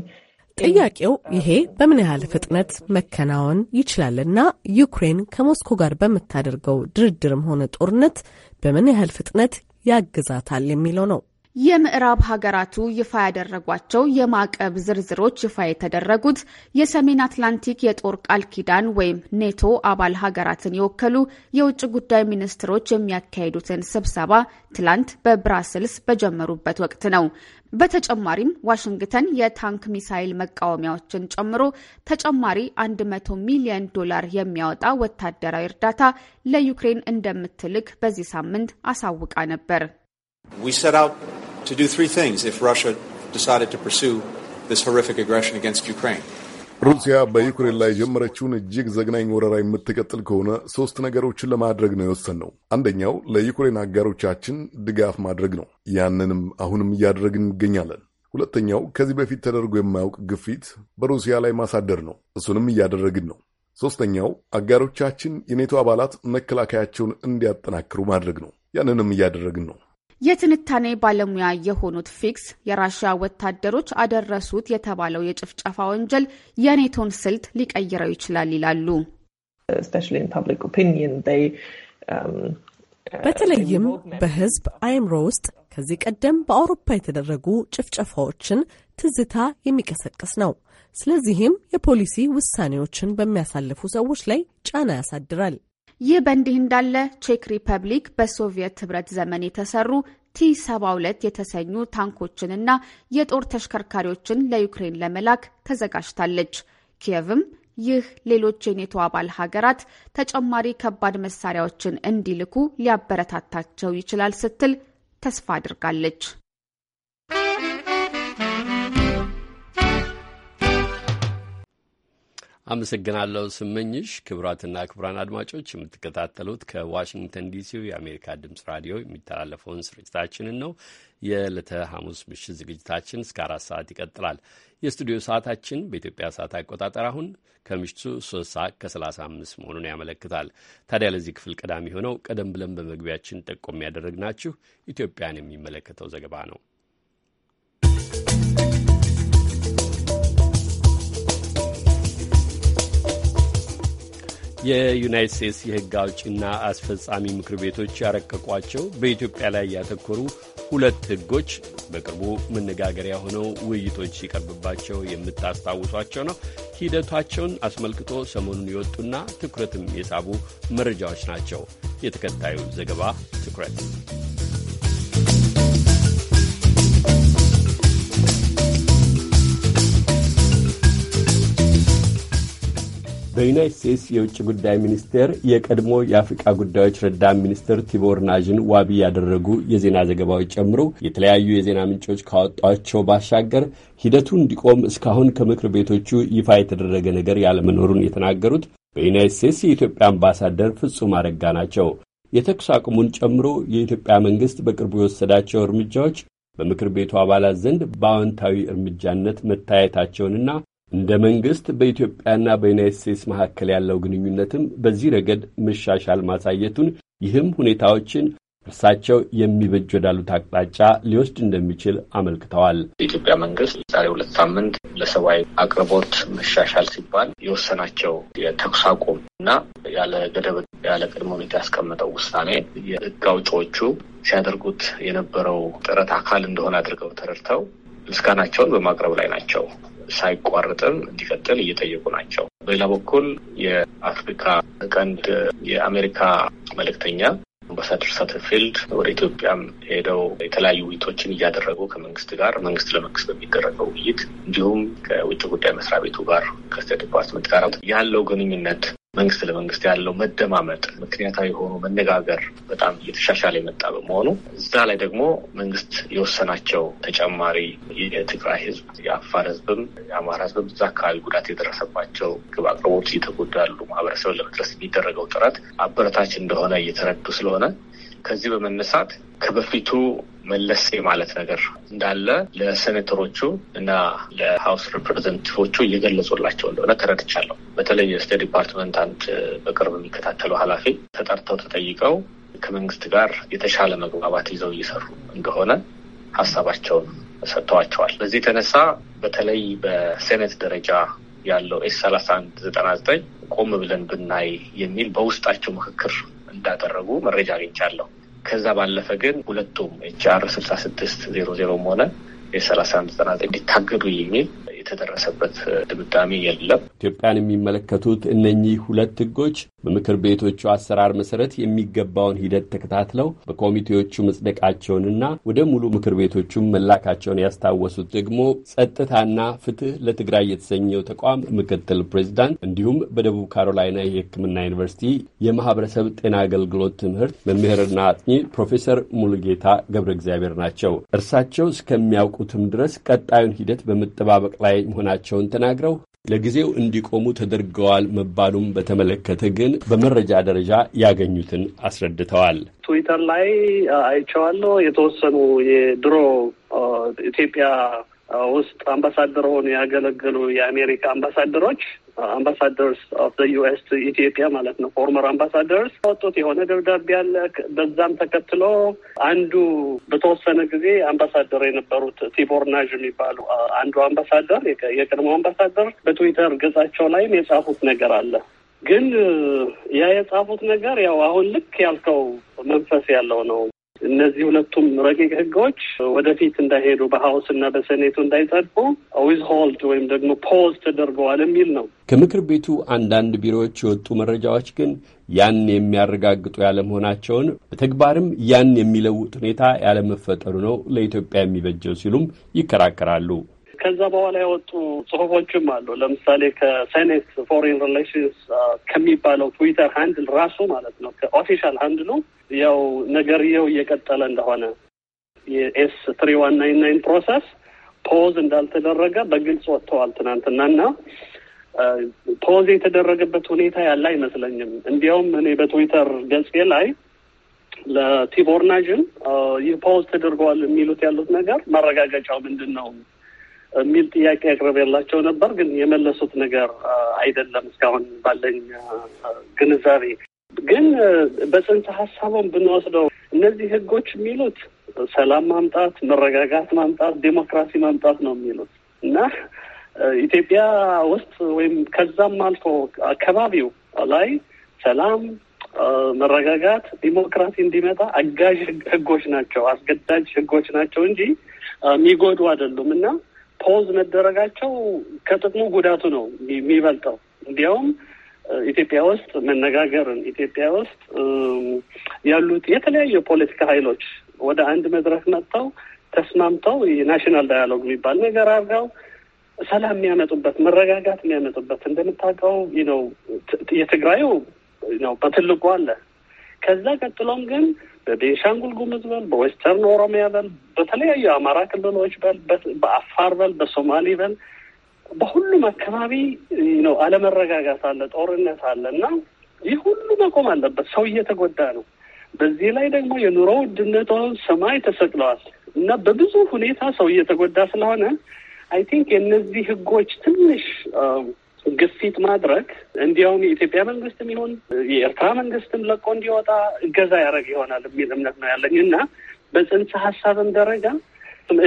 ጥያቄው ይሄ በምን ያህል ፍጥነት መከናወን ይችላልና ዩክሬን ከሞስኮ ጋር በምታደርገው ድርድርም ሆነ ጦርነት በምን ያህል ፍጥነት ያግዛታል የሚለው ነው። የምዕራብ ሀገራቱ ይፋ ያደረጓቸው የማዕቀብ ዝርዝሮች ይፋ የተደረጉት የሰሜን አትላንቲክ የጦር ቃል ኪዳን ወይም ኔቶ አባል ሀገራትን የወከሉ የውጭ ጉዳይ ሚኒስትሮች የሚያካሂዱትን ስብሰባ ትላንት በብራስልስ በጀመሩበት ወቅት ነው። በተጨማሪም ዋሽንግተን የታንክ ሚሳይል መቃወሚያዎችን ጨምሮ ተጨማሪ 100 ሚሊዮን ዶላር የሚያወጣ ወታደራዊ እርዳታ ለዩክሬን እንደምትልክ በዚህ ሳምንት አሳውቃ ነበር። ሩሲያ በዩክሬን ላይ የጀመረችውን እጅግ ዘግናኝ ወረራ የምትቀጥል ከሆነ ሶስት ነገሮችን ለማድረግ ነው የወሰንነው። አንደኛው ለዩክሬን አጋሮቻችን ድጋፍ ማድረግ ነው። ያንንም አሁንም እያደረግን እንገኛለን። ሁለተኛው ከዚህ በፊት ተደርጎ የማያውቅ ግፊት በሩሲያ ላይ ማሳደር ነው። እሱንም እያደረግን ነው። ሦስተኛው አጋሮቻችን የኔቶ አባላት መከላከያቸውን እንዲያጠናክሩ ማድረግ ነው። ያንንም እያደረግን ነው። የትንታኔ ባለሙያ የሆኑት ፊክስ የራሽያ ወታደሮች አደረሱት የተባለው የጭፍጨፋ ወንጀል የኔቶን ስልት ሊቀይረው ይችላል ይላሉ። um, uh, በተለይም በሕዝብ አእምሮ ውስጥ ከዚህ ቀደም በአውሮፓ የተደረጉ ጭፍጨፋዎችን ትዝታ የሚቀሰቅስ ነው። ስለዚህም የፖሊሲ ውሳኔዎችን በሚያሳልፉ ሰዎች ላይ ጫና ያሳድራል። ይህ በእንዲህ እንዳለ ቼክ ሪፐብሊክ በሶቪየት ህብረት ዘመን የተሰሩ ቲ 72 የተሰኙ ታንኮችንና የጦር ተሽከርካሪዎችን ለዩክሬን ለመላክ ተዘጋጅታለች። ኪየቭም ይህ ሌሎች የኔቶ አባል ሀገራት ተጨማሪ ከባድ መሳሪያዎችን እንዲልኩ ሊያበረታታቸው ይችላል ስትል ተስፋ አድርጋለች። አመሰግናለሁ ስመኝሽ። ክቡራትና ክቡራን አድማጮች የምትከታተሉት ከዋሽንግተን ዲሲው የአሜሪካ ድምጽ ራዲዮ የሚተላለፈውን ስርጭታችንን ነው። የዕለተ ሐሙስ ምሽት ዝግጅታችን እስከ አራት ሰዓት ይቀጥላል። የስቱዲዮ ሰዓታችን በኢትዮጵያ ሰዓት አቆጣጠር አሁን ከምሽቱ ሶስት ሰዓት ከሰላሳ አምስት መሆኑን ያመለክታል። ታዲያ ለዚህ ክፍል ቀዳሚ የሆነው ቀደም ብለን በመግቢያችን ጠቆም ያደረግናችሁ ኢትዮጵያን የሚመለከተው ዘገባ ነው። የዩናይት ስቴትስ የሕግ አውጪና አስፈጻሚ ምክር ቤቶች ያረቀቋቸው በኢትዮጵያ ላይ ያተኮሩ ሁለት ሕጎች በቅርቡ መነጋገሪያ ሆነው ውይይቶች ሲቀርብባቸው የምታስታውሷቸው ነው። ሂደቷቸውን አስመልክቶ ሰሞኑን የወጡና ትኩረትም የሳቡ መረጃዎች ናቸው። የተከታዩ ዘገባ ትኩረት በዩናይት ስቴትስ የውጭ ጉዳይ ሚኒስቴር የቀድሞ የአፍሪቃ ጉዳዮች ረዳት ሚኒስትር ቲቦር ናዥን ዋቢ ያደረጉ የዜና ዘገባዎች ጨምሮ የተለያዩ የዜና ምንጮች ካወጧቸው ባሻገር ሂደቱ እንዲቆም እስካሁን ከምክር ቤቶቹ ይፋ የተደረገ ነገር ያለመኖሩን የተናገሩት በዩናይት ስቴትስ የኢትዮጵያ አምባሳደር ፍጹም አረጋ ናቸው። የተኩስ አቁሙን ጨምሮ የኢትዮጵያ መንግስት በቅርቡ የወሰዳቸው እርምጃዎች በምክር ቤቱ አባላት ዘንድ በአዎንታዊ እርምጃነት መታየታቸውንና እንደ መንግሥት በኢትዮጵያና በዩናይት ስቴትስ መካከል ያለው ግንኙነትም በዚህ ረገድ መሻሻል ማሳየቱን ይህም ሁኔታዎችን እርሳቸው የሚበጅ ወዳሉት አቅጣጫ ሊወስድ እንደሚችል አመልክተዋል። የኢትዮጵያ መንግስት ዛሬ ሁለት ሳምንት ለሰብአዊ አቅርቦት መሻሻል ሲባል የወሰናቸው የተኩስ አቁም እና ያለ ገደብ ያለ ቅድመ ሁኔታ ያስቀመጠው ውሳኔ የህግ አውጪዎቹ ሲያደርጉት የነበረው ጥረት አካል እንደሆነ አድርገው ተረድተው ምስጋናቸውን በማቅረብ ላይ ናቸው። ሳይቋረጥም እንዲቀጥል እየጠየቁ ናቸው። በሌላ በኩል የአፍሪካ ቀንድ የአሜሪካ መልእክተኛ አምባሳደር ሳተፊልድ ወደ ኢትዮጵያም ሄደው የተለያዩ ውይይቶችን እያደረጉ ከመንግስት ጋር መንግስት ለመንግስት በሚደረገው ውይይት እንዲሁም ከውጭ ጉዳይ መስሪያ ቤቱ ጋር ከስቴት ዲፓርትመንት ጋር ያለው ግንኙነት መንግስት ለመንግስት ያለው መደማመጥ፣ ምክንያታዊ የሆኑ መነጋገር በጣም እየተሻሻለ የመጣ በመሆኑ እዛ ላይ ደግሞ መንግስት የወሰናቸው ተጨማሪ የትግራይ ህዝብ፣ የአፋር ህዝብም የአማራ ህዝብም እዛ አካባቢ ጉዳት የደረሰባቸው ግብ አቅርቦት እየተጎዳሉ ማህበረሰብን ለመድረስ የሚደረገው ጥረት አበረታች እንደሆነ እየተረዱ ስለሆነ ከዚህ በመነሳት ከበፊቱ መለስ የማለት ነገር እንዳለ ለሴኔተሮቹ እና ለሀውስ ሪፕሬዘንቲቮቹ እየገለጹላቸው እንደሆነ ተረድቻለሁ። በተለይ የስቴት ዲፓርትመንት አንድ በቅርብ የሚከታተለው ኃላፊ ተጠርተው ተጠይቀው ከመንግስት ጋር የተሻለ መግባባት ይዘው እየሰሩ እንደሆነ ሀሳባቸውን ሰጥተዋቸዋል። በዚህ የተነሳ በተለይ በሴኔት ደረጃ ያለው ኤስ ሰላሳ አንድ ዘጠና ዘጠኝ ቆም ብለን ብናይ የሚል በውስጣቸው ምክክር እንዳደረጉ መረጃ አግኝቻለሁ። ከዛ ባለፈ ግን ሁለቱም ኤችአር ስልሳ ስድስት ዜሮ ዜሮም ሆነ የሰላሳ አንድ ዘጠና ዘጠኝ እንዲታገዱ የሚል የተደረሰበት ድምዳሜ የለም። ኢትዮጵያን የሚመለከቱት እነኚህ ሁለት ህጎች በምክር ቤቶቹ አሰራር መሰረት የሚገባውን ሂደት ተከታትለው በኮሚቴዎቹ መጽደቃቸውንና ወደ ሙሉ ምክር ቤቶቹም መላካቸውን ያስታወሱት ደግሞ ጸጥታና ፍትህ ለትግራይ የተሰኘው ተቋም ምክትል ፕሬዚዳንት እንዲሁም በደቡብ ካሮላይና የሕክምና ዩኒቨርሲቲ የማህበረሰብ ጤና አገልግሎት ትምህርት መምህርና አጥኚ ፕሮፌሰር ሙሉጌታ ገብረ እግዚአብሔር ናቸው። እርሳቸው እስከሚያውቁትም ድረስ ቀጣዩን ሂደት በመጠባበቅ ላይ ጉዳይ መሆናቸውን ተናግረው ለጊዜው እንዲቆሙ ተደርገዋል መባሉም በተመለከተ ግን በመረጃ ደረጃ ያገኙትን አስረድተዋል። ትዊተር ላይ አይቼዋለሁ። የተወሰኑ የድሮ ኢትዮጵያ ውስጥ አምባሳደር ሆኑ ያገለገሉ የአሜሪካ አምባሳደሮች አምባሳደርስ ኦፍ ዘ ዩኤስ ኢትዮጵያ ማለት ነው። ፎርመር አምባሳደርስ ወጡት የሆነ ደብዳቤ አለ። በዛም ተከትሎ አንዱ በተወሰነ ጊዜ አምባሳደር የነበሩት ቲቦር ናዥ የሚባሉ uh, አንዱ አምባሳደር የቀድሞ አምባሳደር በትዊተር ገጻቸው ላይም የጻፉት ነገር አለ። ግን uh, ያ የጻፉት ነገር ያው አሁን ልክ ያልከው መንፈስ ያለው ነው። እነዚህ ሁለቱም ረቂቅ ህጎች ወደፊት እንዳይሄዱ በሀውስ እና በሰኔቱ እንዳይጸድቁ ዊዝ ሆልድ ወይም ደግሞ ፖዝ ተደርገዋል የሚል ነው። ከምክር ቤቱ አንዳንድ ቢሮዎች የወጡ መረጃዎች ግን ያን የሚያረጋግጡ ያለመሆናቸውን በተግባርም ያን የሚለውጥ ሁኔታ ያለመፈጠሩ ነው ለኢትዮጵያ የሚበጀው ሲሉም ይከራከራሉ። ከዛ በኋላ የወጡ ጽሁፎችም አሉ። ለምሳሌ ከሴኔት ፎሬን ሪሌሽንስ ከሚባለው ትዊተር ሀንድል ራሱ ማለት ነው ከኦፊሻል ሀንድሉ ያው ነገርየው እየቀጠለ እንደሆነ የኤስ ትሪ ዋን ናይን ናይን ፕሮሰስ ፖዝ እንዳልተደረገ በግልጽ ወጥተዋል ትናንትናና ፖዝ የተደረገበት ሁኔታ ያለ አይመስለኝም። እንዲያውም እኔ በትዊተር ገጽ ላይ ለቲቦርናዥን ይህ ፖዝ ተደርገዋል የሚሉት ያሉት ነገር ማረጋገጫው ምንድን ነው የሚል ጥያቄ አቅርቤላቸው ነበር። ግን የመለሱት ነገር አይደለም እስካሁን ባለኝ ግንዛቤ። ግን በጽንሰ ሀሳቡን ብንወስደው እነዚህ ህጎች የሚሉት ሰላም ማምጣት፣ መረጋጋት ማምጣት፣ ዴሞክራሲ ማምጣት ነው የሚሉት እና ኢትዮጵያ ውስጥ ወይም ከዛም አልፎ አካባቢው ላይ ሰላም፣ መረጋጋት፣ ዲሞክራሲ እንዲመጣ አጋዥ ህጎች ናቸው፣ አስገዳጅ ህጎች ናቸው እንጂ የሚጎዱ አይደሉም እና ፖዝ መደረጋቸው ከጥቅሙ ጉዳቱ ነው የሚበልጠው። እንዲያውም ኢትዮጵያ ውስጥ መነጋገርን ኢትዮጵያ ውስጥ ያሉት የተለያዩ የፖለቲካ ኃይሎች ወደ አንድ መድረክ መጥተው ተስማምተው የናሽናል ዳያሎግ የሚባል ነገር አድርገው ሰላም የሚያመጡበት መረጋጋት የሚያመጡበት እንደምታውቀው ነው የትግራዩ ነው በትልቁ አለ። ከዛ ቀጥሎም ግን በቤኒሻንጉል ጉምዝ በል፣ በዌስተርን ኦሮሚያ በል፣ በተለያዩ አማራ ክልሎች በል፣ በአፋር በል፣ በሶማሌ በል፣ በሁሉም አካባቢ ነው አለመረጋጋት አለ፣ ጦርነት አለ እና ይህ ሁሉ መቆም አለበት። ሰው እየተጎዳ ነው። በዚህ ላይ ደግሞ የኑሮ ውድነት ሰማይ ተሰቅለዋል እና በብዙ ሁኔታ ሰው እየተጎዳ ስለሆነ አይ ቲንክ የእነዚህ ህጎች ትንሽ ግፊት ማድረግ እንዲያውም የኢትዮጵያ መንግስትም ይሁን የኤርትራ መንግስትም ለቆ እንዲወጣ እገዛ ያደረግ ይሆናል የሚል እምነት ነው ያለኝ እና በጽንሰ ሀሳብም ደረጃ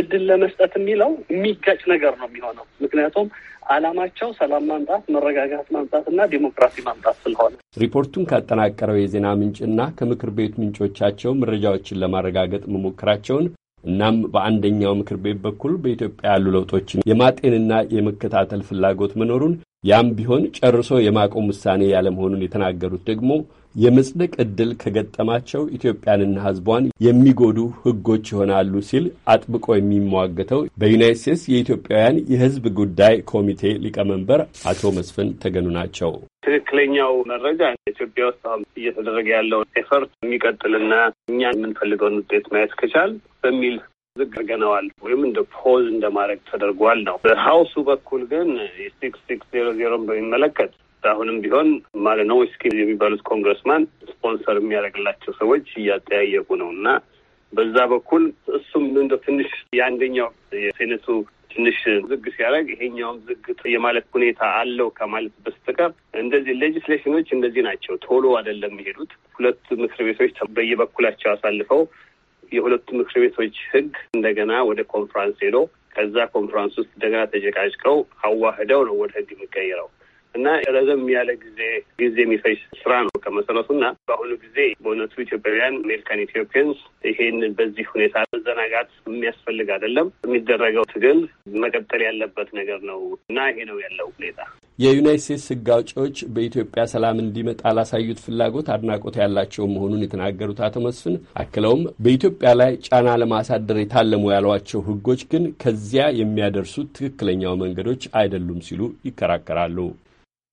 እድል ለመስጠት የሚለው የሚጋጭ ነገር ነው የሚሆነው። ምክንያቱም አላማቸው ሰላም ማምጣት፣ መረጋጋት ማምጣት እና ዴሞክራሲ ማምጣት ስለሆነ ሪፖርቱን ካጠናቀረው የዜና ምንጭና ከምክር ቤት ምንጮቻቸው መረጃዎችን ለማረጋገጥ መሞከራቸውን እናም በአንደኛው ምክር ቤት በኩል በኢትዮጵያ ያሉ ለውጦችን የማጤንና የመከታተል ፍላጎት መኖሩን ያም ቢሆን ጨርሶ የማቆም ውሳኔ ያለመሆኑን የተናገሩት ደግሞ የመጽደቅ ዕድል ከገጠማቸው ኢትዮጵያንና ሕዝቧን የሚጎዱ ሕጎች ይሆናሉ ሲል አጥብቆ የሚሟገተው በዩናይት ስቴትስ የኢትዮጵያውያን የሕዝብ ጉዳይ ኮሚቴ ሊቀመንበር አቶ መስፍን ተገኑ ናቸው። ትክክለኛው መረጃ ኢትዮጵያ ውስጥ አሁን እየተደረገ ያለው ኤፈርት የሚቀጥልና እኛ የምንፈልገውን ውጤት ማየት ከቻል በሚል ዝግ አድርገነዋል ወይም እንደ ፖዝ እንደማድረግ ተደርጓል ነው። በሀውሱ በኩል ግን የሲክስ ሲክስ ዜሮ ዜሮን በሚመለከት አሁንም ቢሆን ማለት ነው ስኪ የሚባሉት ኮንግረስማን ስፖንሰር የሚያደርግላቸው ሰዎች እያጠያየቁ ነው እና በዛ በኩል እሱም እንደ ትንሽ የአንደኛው የሴኔቱ ትንሽ ዝግ ሲያደርግ ይሄኛውም ዝግ የማለት ሁኔታ አለው ከማለት በስተቀር እንደዚህ ሌጅስሌሽኖች እንደዚህ ናቸው። ቶሎ አይደለም የሚሄዱት። ሁለት ምክር ቤቶች በየበኩላቸው አሳልፈው የሁለቱ ምክር ቤቶች ህግ እንደገና ወደ ኮንፍራንስ ሄዶ ከዛ ኮንፍራንስ ውስጥ እንደገና ተጨቃጭቀው አዋህደው ነው ወደ ህግ የሚቀይረው። እና ረዘም ያለ ጊዜ ጊዜ የሚፈጅ ስራ ነው ከመሰረቱ እና በአሁኑ ጊዜ በእውነቱ ኢትዮጵያውያን አሜሪካን ኢትዮጵያንስ ይሄን በዚህ ሁኔታ መዘናጋት የሚያስፈልግ አይደለም። የሚደረገው ትግል መቀጠል ያለበት ነገር ነው እና ይሄ ነው ያለው ሁኔታ። የዩናይት ስቴትስ ሕግ አውጪዎች በኢትዮጵያ ሰላም እንዲመጣ ላሳዩት ፍላጎት አድናቆት ያላቸው መሆኑን የተናገሩት አቶ መስፍን አክለውም በኢትዮጵያ ላይ ጫና ለማሳደር የታለሙ ያሏቸው ሕጎች ግን ከዚያ የሚያደርሱት ትክክለኛው መንገዶች አይደሉም ሲሉ ይከራከራሉ።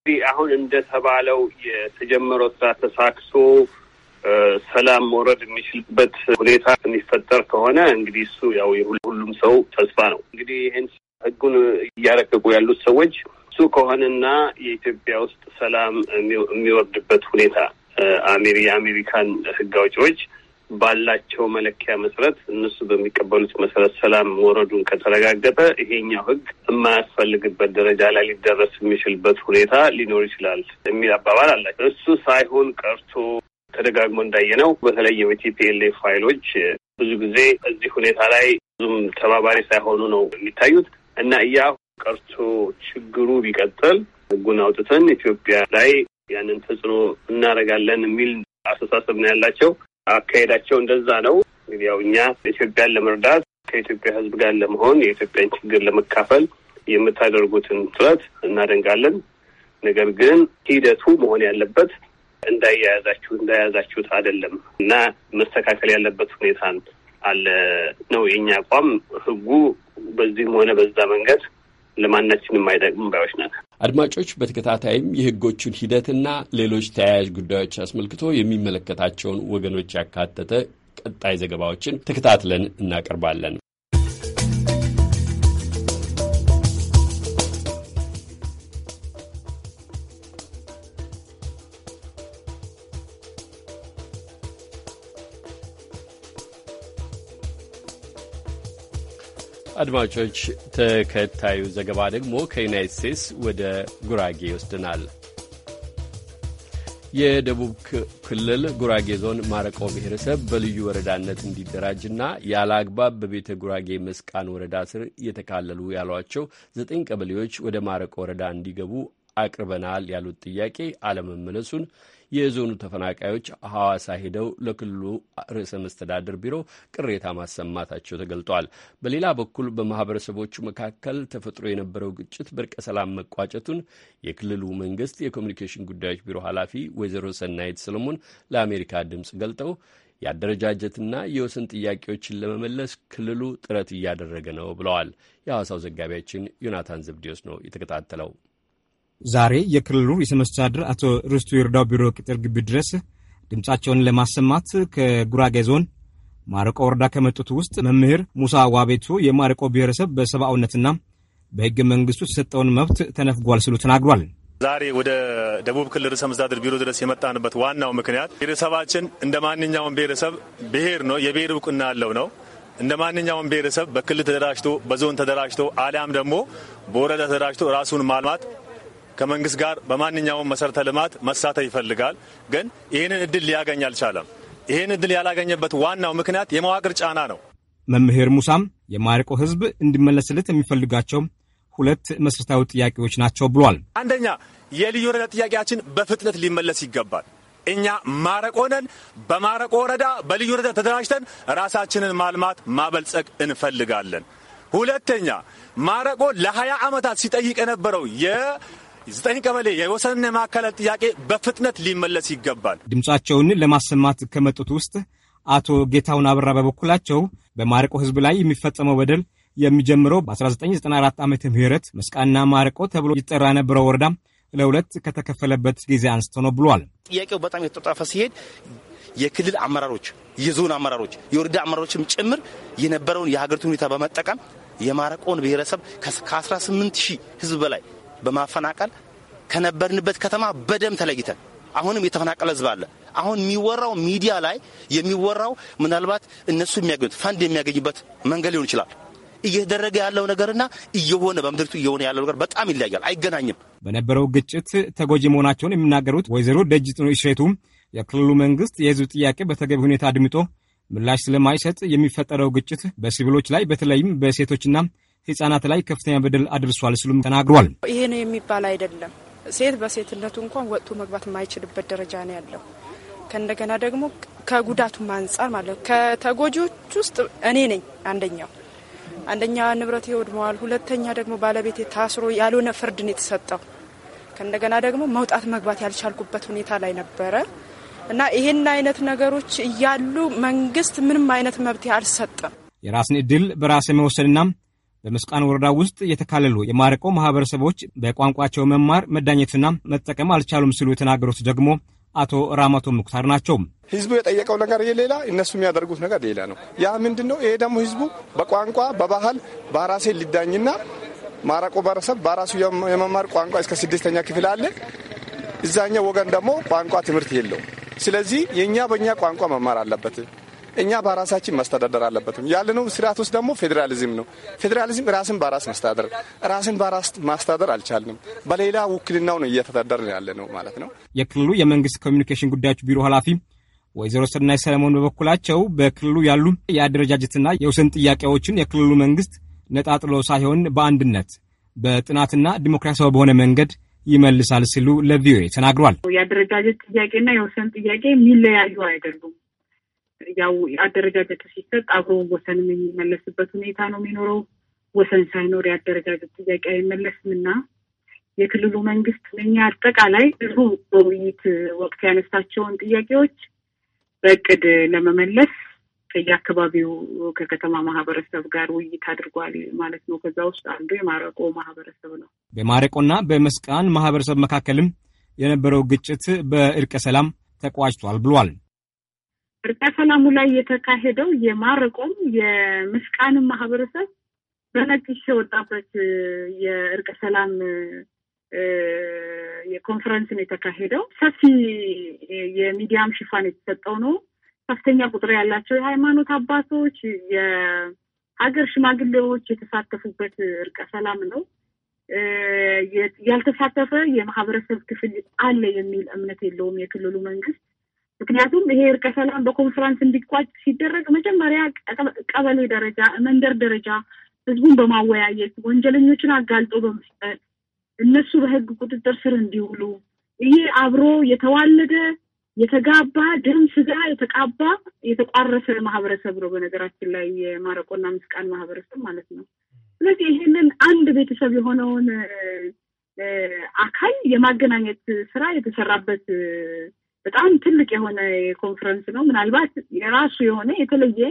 እንግዲህ አሁን እንደተባለው የተጀመረው ስራ ተሳክሶ ሰላም መውረድ የሚችልበት ሁኔታ የሚፈጠር ከሆነ እንግዲህ እሱ ያው የሁሉም ሰው ተስፋ ነው። እንግዲህ ይህን ህጉን እያረቀቁ ያሉት ሰዎች እሱ ከሆነና የኢትዮጵያ ውስጥ ሰላም የሚወርድበት ሁኔታ የአሜሪካን ህግ አውጪዎች ባላቸው መለኪያ መሰረት እነሱ በሚቀበሉት መሰረት ሰላም ወረዱን ከተረጋገጠ ይሄኛው ህግ የማያስፈልግበት ደረጃ ላይ ሊደረስ የሚችልበት ሁኔታ ሊኖር ይችላል የሚል አባባል አላቸው። እሱ ሳይሆን ቀርቶ ተደጋግሞ እንዳየነው በተለይ የቲፒኤልኤ ፋይሎች ብዙ ጊዜ እዚህ ሁኔታ ላይ ብዙም ተባባሪ ሳይሆኑ ነው የሚታዩት እና ያ ቀርቶ ችግሩ ቢቀጥል ህጉን አውጥተን ኢትዮጵያ ላይ ያንን ተጽዕኖ እናደርጋለን የሚል አስተሳሰብ ነው ያላቸው። አካሄዳቸው እንደዛ ነው። ያው እኛ ኢትዮጵያን ለመርዳት ከኢትዮጵያ ሕዝብ ጋር ለመሆን የኢትዮጵያን ችግር ለመካፈል የምታደርጉትን ጥረት እናደንቃለን። ነገር ግን ሂደቱ መሆን ያለበት እንዳያያዛችሁ እንዳያያዛችሁት አይደለም እና መስተካከል ያለበት ሁኔታ አለ ነው የእኛ አቋም። ህጉ በዚህም ሆነ በዛ መንገድ ለማናችንም የማይጠቅም ባዮች ናት። አድማጮች በተከታታይም የህጎቹን ሂደትና ሌሎች ተያያዥ ጉዳዮች አስመልክቶ የሚመለከታቸውን ወገኖች ያካተተ ቀጣይ ዘገባዎችን ተከታትለን እናቀርባለን። አድማጮች፣ ተከታዩ ዘገባ ደግሞ ከዩናይት ስቴትስ ወደ ጉራጌ ይወስድናል። የደቡብ ክልል ጉራጌ ዞን ማረቆ ብሔረሰብ በልዩ ወረዳነት እንዲደራጅና ያለ አግባብ በቤተ ጉራጌ መስቃን ወረዳ ስር እየተካለሉ ያሏቸው ዘጠኝ ቀበሌዎች ወደ ማረቆ ወረዳ እንዲገቡ አቅርበናል ያሉት ጥያቄ አለመመለሱን የዞኑ ተፈናቃዮች ሐዋሳ ሄደው ለክልሉ ርዕሰ መስተዳድር ቢሮ ቅሬታ ማሰማታቸው ተገልጧል። በሌላ በኩል በማህበረሰቦቹ መካከል ተፈጥሮ የነበረው ግጭት በእርቀ ሰላም መቋጨቱን የክልሉ መንግስት የኮሚኒኬሽን ጉዳዮች ቢሮ ኃላፊ ወይዘሮ ሰናይት ሰለሞን ለአሜሪካ ድምፅ ገልጠው የአደረጃጀትና የወሰን ጥያቄዎችን ለመመለስ ክልሉ ጥረት እያደረገ ነው ብለዋል። የሐዋሳው ዘጋቢያችን ዮናታን ዘብዲዮስ ነው የተከታተለው። ዛሬ የክልሉ ርዕሰ መስተዳድር አቶ ርስቱ ይርዳው ቢሮ ቅጥር ግቢ ድረስ ድምፃቸውን ለማሰማት ከጉራጌ ዞን ማረቆ ወረዳ ከመጡት ውስጥ መምህር ሙሳ ዋቤቱ የማረቆ ብሔረሰብ በሰብአውነትና በህገ መንግስቱ የተሰጠውን መብት ተነፍጓል ስሉ ተናግሯል። ዛሬ ወደ ደቡብ ክልል ርዕሰ መስተዳድር ቢሮ ድረስ የመጣንበት ዋናው ምክንያት ብሔረሰባችን እንደ ማንኛውም ብሔረሰብ ብሔር ነው፣ የብሔር እውቅና ያለው ነው። እንደ ማንኛውም ብሔረሰብ በክልል ተደራጅቶ በዞን ተደራጅቶ አሊያም ደግሞ በወረዳ ተደራጅቶ ራሱን ማልማት ከመንግስት ጋር በማንኛውም መሰረተ ልማት መሳተፍ ይፈልጋል። ግን ይህንን እድል ሊያገኝ አልቻለም። ይህን እድል ያላገኘበት ዋናው ምክንያት የመዋቅር ጫና ነው። መምህር ሙሳም የማረቆ ህዝብ እንዲመለስለት የሚፈልጋቸው ሁለት መሰረታዊ ጥያቄዎች ናቸው ብሏል። አንደኛ የልዩ ወረዳ ጥያቄያችን በፍጥነት ሊመለስ ይገባል። እኛ ማረቆ ነን። በማረቆ ወረዳ በልዩ ወረዳ ተደራጅተን ራሳችንን ማልማት ማበልጸግ እንፈልጋለን። ሁለተኛ ማረቆ ለሀያ ዓመታት ሲጠይቅ የነበረው ዘጠኝ ቀበሌ የወሰንና የማዕከላት ጥያቄ በፍጥነት ሊመለስ ይገባል። ድምፃቸውን ለማሰማት ከመጡት ውስጥ አቶ ጌታሁን አብራ በበኩላቸው በማረቆ ሕዝብ ላይ የሚፈጸመው በደል የሚጀምረው በ1994 ዓ ምት መስቃና ማረቆ ተብሎ ይጠራ የነበረው ወረዳ ለሁለት ከተከፈለበት ጊዜ አንስቶ ነው ብሏል። ጥያቄው በጣም የተጣፈ ሲሄድ የክልል አመራሮች፣ የዞን አመራሮች፣ የወረዳ አመራሮችም ጭምር የነበረውን የሀገሪቱ ሁኔታ በመጠቀም የማረቆን ብሔረሰብ ከ18 ሺህ ህዝብ በላይ በማፈናቀል ከነበርንበት ከተማ በደም ተለይተን አሁንም የተፈናቀለ ህዝብ አለ። አሁን የሚወራው ሚዲያ ላይ የሚወራው ምናልባት እነሱ የሚያገኙት ፈንድ የሚያገኙበት መንገድ ሊሆን ይችላል። እየተደረገ ያለው ነገርና እየሆነ በምድሪቱ እየሆነ ያለው ነገር በጣም ይለያል፣ አይገናኝም። በነበረው ግጭት ተጎጂ መሆናቸውን የሚናገሩት ወይዘሮ ጥኖ እሸቱ የክልሉ መንግስት የህዝብ ጥያቄ በተገቢ ሁኔታ አድምጦ ምላሽ ስለማይሰጥ የሚፈጠረው ግጭት በሲቪሎች ላይ በተለይም በሴቶችና ህጻናት ላይ ከፍተኛ በደል አድርሷል ሲሉም ተናግሯል። ይሄ ነው የሚባል አይደለም። ሴት በሴትነቱ እንኳን ወጥቶ መግባት የማይችልበት ደረጃ ነው ያለው። ከእንደገና ደግሞ ከጉዳቱም አንጻር ማለት ከተጎጂዎች ውስጥ እኔ ነኝ አንደኛው አንደኛ ንብረት ወድመዋል። ሁለተኛ ደግሞ ባለቤቴ ታስሮ ያልሆነ ፍርድን የተሰጠው ከእንደገና ደግሞ መውጣት መግባት ያልቻልኩበት ሁኔታ ላይ ነበረ እና ይህን አይነት ነገሮች እያሉ መንግስት ምንም አይነት መብት አልሰጠም። የራስን እድል በራስ የመወሰንና በመስቃን ወረዳ ውስጥ የተካለሉ የማረቆ ማህበረሰቦች በቋንቋቸው መማር መዳኘትና መጠቀም አልቻሉም ሲሉ የተናገሩት ደግሞ አቶ ራማቶ ሙክታር ናቸው። ህዝቡ የጠየቀው ነገር ሌላ፣ እነሱ የሚያደርጉት ነገር ሌላ ነው። ያ ምንድን ነው? ይሄ ደግሞ ህዝቡ በቋንቋ በባህል በራሴ ሊዳኝና ማረቆ ማህበረሰብ በራሱ የመማር ቋንቋ እስከ ስድስተኛ ክፍል አለ። እዛኛው ወገን ደግሞ ቋንቋ ትምህርት የለው። ስለዚህ የእኛ በእኛ ቋንቋ መማር አለበት እኛ በራሳችን ማስተዳደር አለበትም ያለነው ስርዓት ውስጥ ደግሞ ፌዴራሊዝም ነው። ፌዴራሊዝም ራስን በራስ መስተዳደር ራስን በራስ ማስተዳደር አልቻልንም። በሌላ ውክልናው ነው እየተዳደር ያለ ነው ማለት ነው። የክልሉ የመንግስት ኮሚኒኬሽን ጉዳዮች ቢሮ ኃላፊ ወይዘሮ ሰናይ ሰለሞን በበኩላቸው በክልሉ ያሉ የአደረጃጀትና የውሰን ጥያቄዎችን የክልሉ መንግስት ነጣጥሎ ሳይሆን በአንድነት በጥናትና ዲሞክራሲያዊ በሆነ መንገድ ይመልሳል ሲሉ ለቪኦኤ ተናግሯል። የአደረጃጀት ጥያቄና የወሰን ጥያቄ የሚለያዩ አይደሉም። ያው አደረጃጀት ሲሰጥ አብሮ ወሰንም የሚመለስበት ሁኔታ ነው የሚኖረው። ወሰን ሳይኖር የአደረጃጀት ጥያቄ አይመለስም እና የክልሉ መንግስት ነኛ አጠቃላይ ህዝቡ በውይይት ወቅት ያነሳቸውን ጥያቄዎች በእቅድ ለመመለስ ከየአካባቢው ከከተማ ማህበረሰብ ጋር ውይይት አድርጓል ማለት ነው። ከዛ ውስጥ አንዱ የማረቆ ማህበረሰብ ነው። በማረቆና በመስቃን ማህበረሰብ መካከልም የነበረው ግጭት በእርቀ ሰላም ተቋጭቷል ብሏል። እርቀ ሰላሙ ላይ የተካሄደው የማረቆም የምስቃንም ማህበረሰብ በነቅሽ የወጣበት የእርቀ ሰላም የኮንፈረንስ ነው የተካሄደው። ሰፊ የሚዲያም ሽፋን የተሰጠው ነው። ከፍተኛ ቁጥር ያላቸው የሃይማኖት አባቶች፣ የሀገር ሽማግሌዎች የተሳተፉበት እርቀ ሰላም ነው። ያልተሳተፈ የማህበረሰብ ክፍል አለ የሚል እምነት የለውም የክልሉ መንግስት። ምክንያቱም ይሄ እርቀ ሰላም በኮንፈረንስ እንዲቋጭ ሲደረግ መጀመሪያ ቀበሌ ደረጃ፣ መንደር ደረጃ ህዝቡን በማወያየት ወንጀለኞችን አጋልጦ በመስጠት እነሱ በህግ ቁጥጥር ስር እንዲውሉ ይሄ አብሮ የተዋለደ የተጋባ ደም ስጋ የተቃባ የተቋረሰ ማህበረሰብ ነው። በነገራችን ላይ የማረቆና ምስቃን ማህበረሰብ ማለት ነው። ስለዚህ ይህንን አንድ ቤተሰብ የሆነውን አካል የማገናኘት ስራ የተሰራበት በጣም ትልቅ የሆነ ኮንፈረንስ ነው። ምናልባት የራሱ የሆነ የተለየ